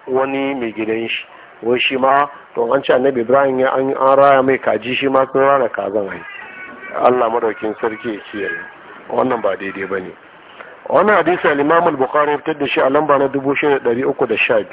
wani mai gidan shi wai shi ma to an ce annabi ibrahim ya an raya mai kaji shi ma sun rana kazan ai allah madaukin sarki ya kiyaye wannan ba daidai ba ne wannan hadisi al-imam al-bukhari fitar da shi a lamba na 6312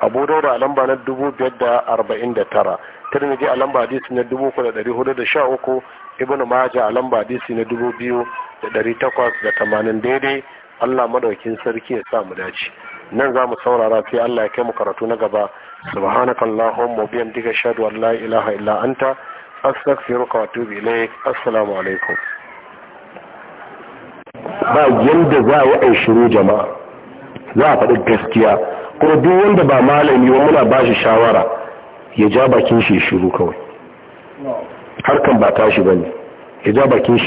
abu dauda a lamba na 549 tirmidhi a lamba hadisi na 3413 ibnu majah a lamba hadisi na 2880 daidai allah madaukin sarki ya sa mu dace nan za mu saurara sai allah ya kai mu karatu na gaba سبحانك اللهم وبحمدك اشهد ان لا اله ilaha illa استغفرك واتوب اليك السلام عليكم alaikum ba yanda za a yi shiru jama'a za a faɗi gaskiya kuma duk wanda ba malami ba muna ba shi shawara ya ja bakin shi shiru kawai harkan ba tashi bane ya ja bakin shi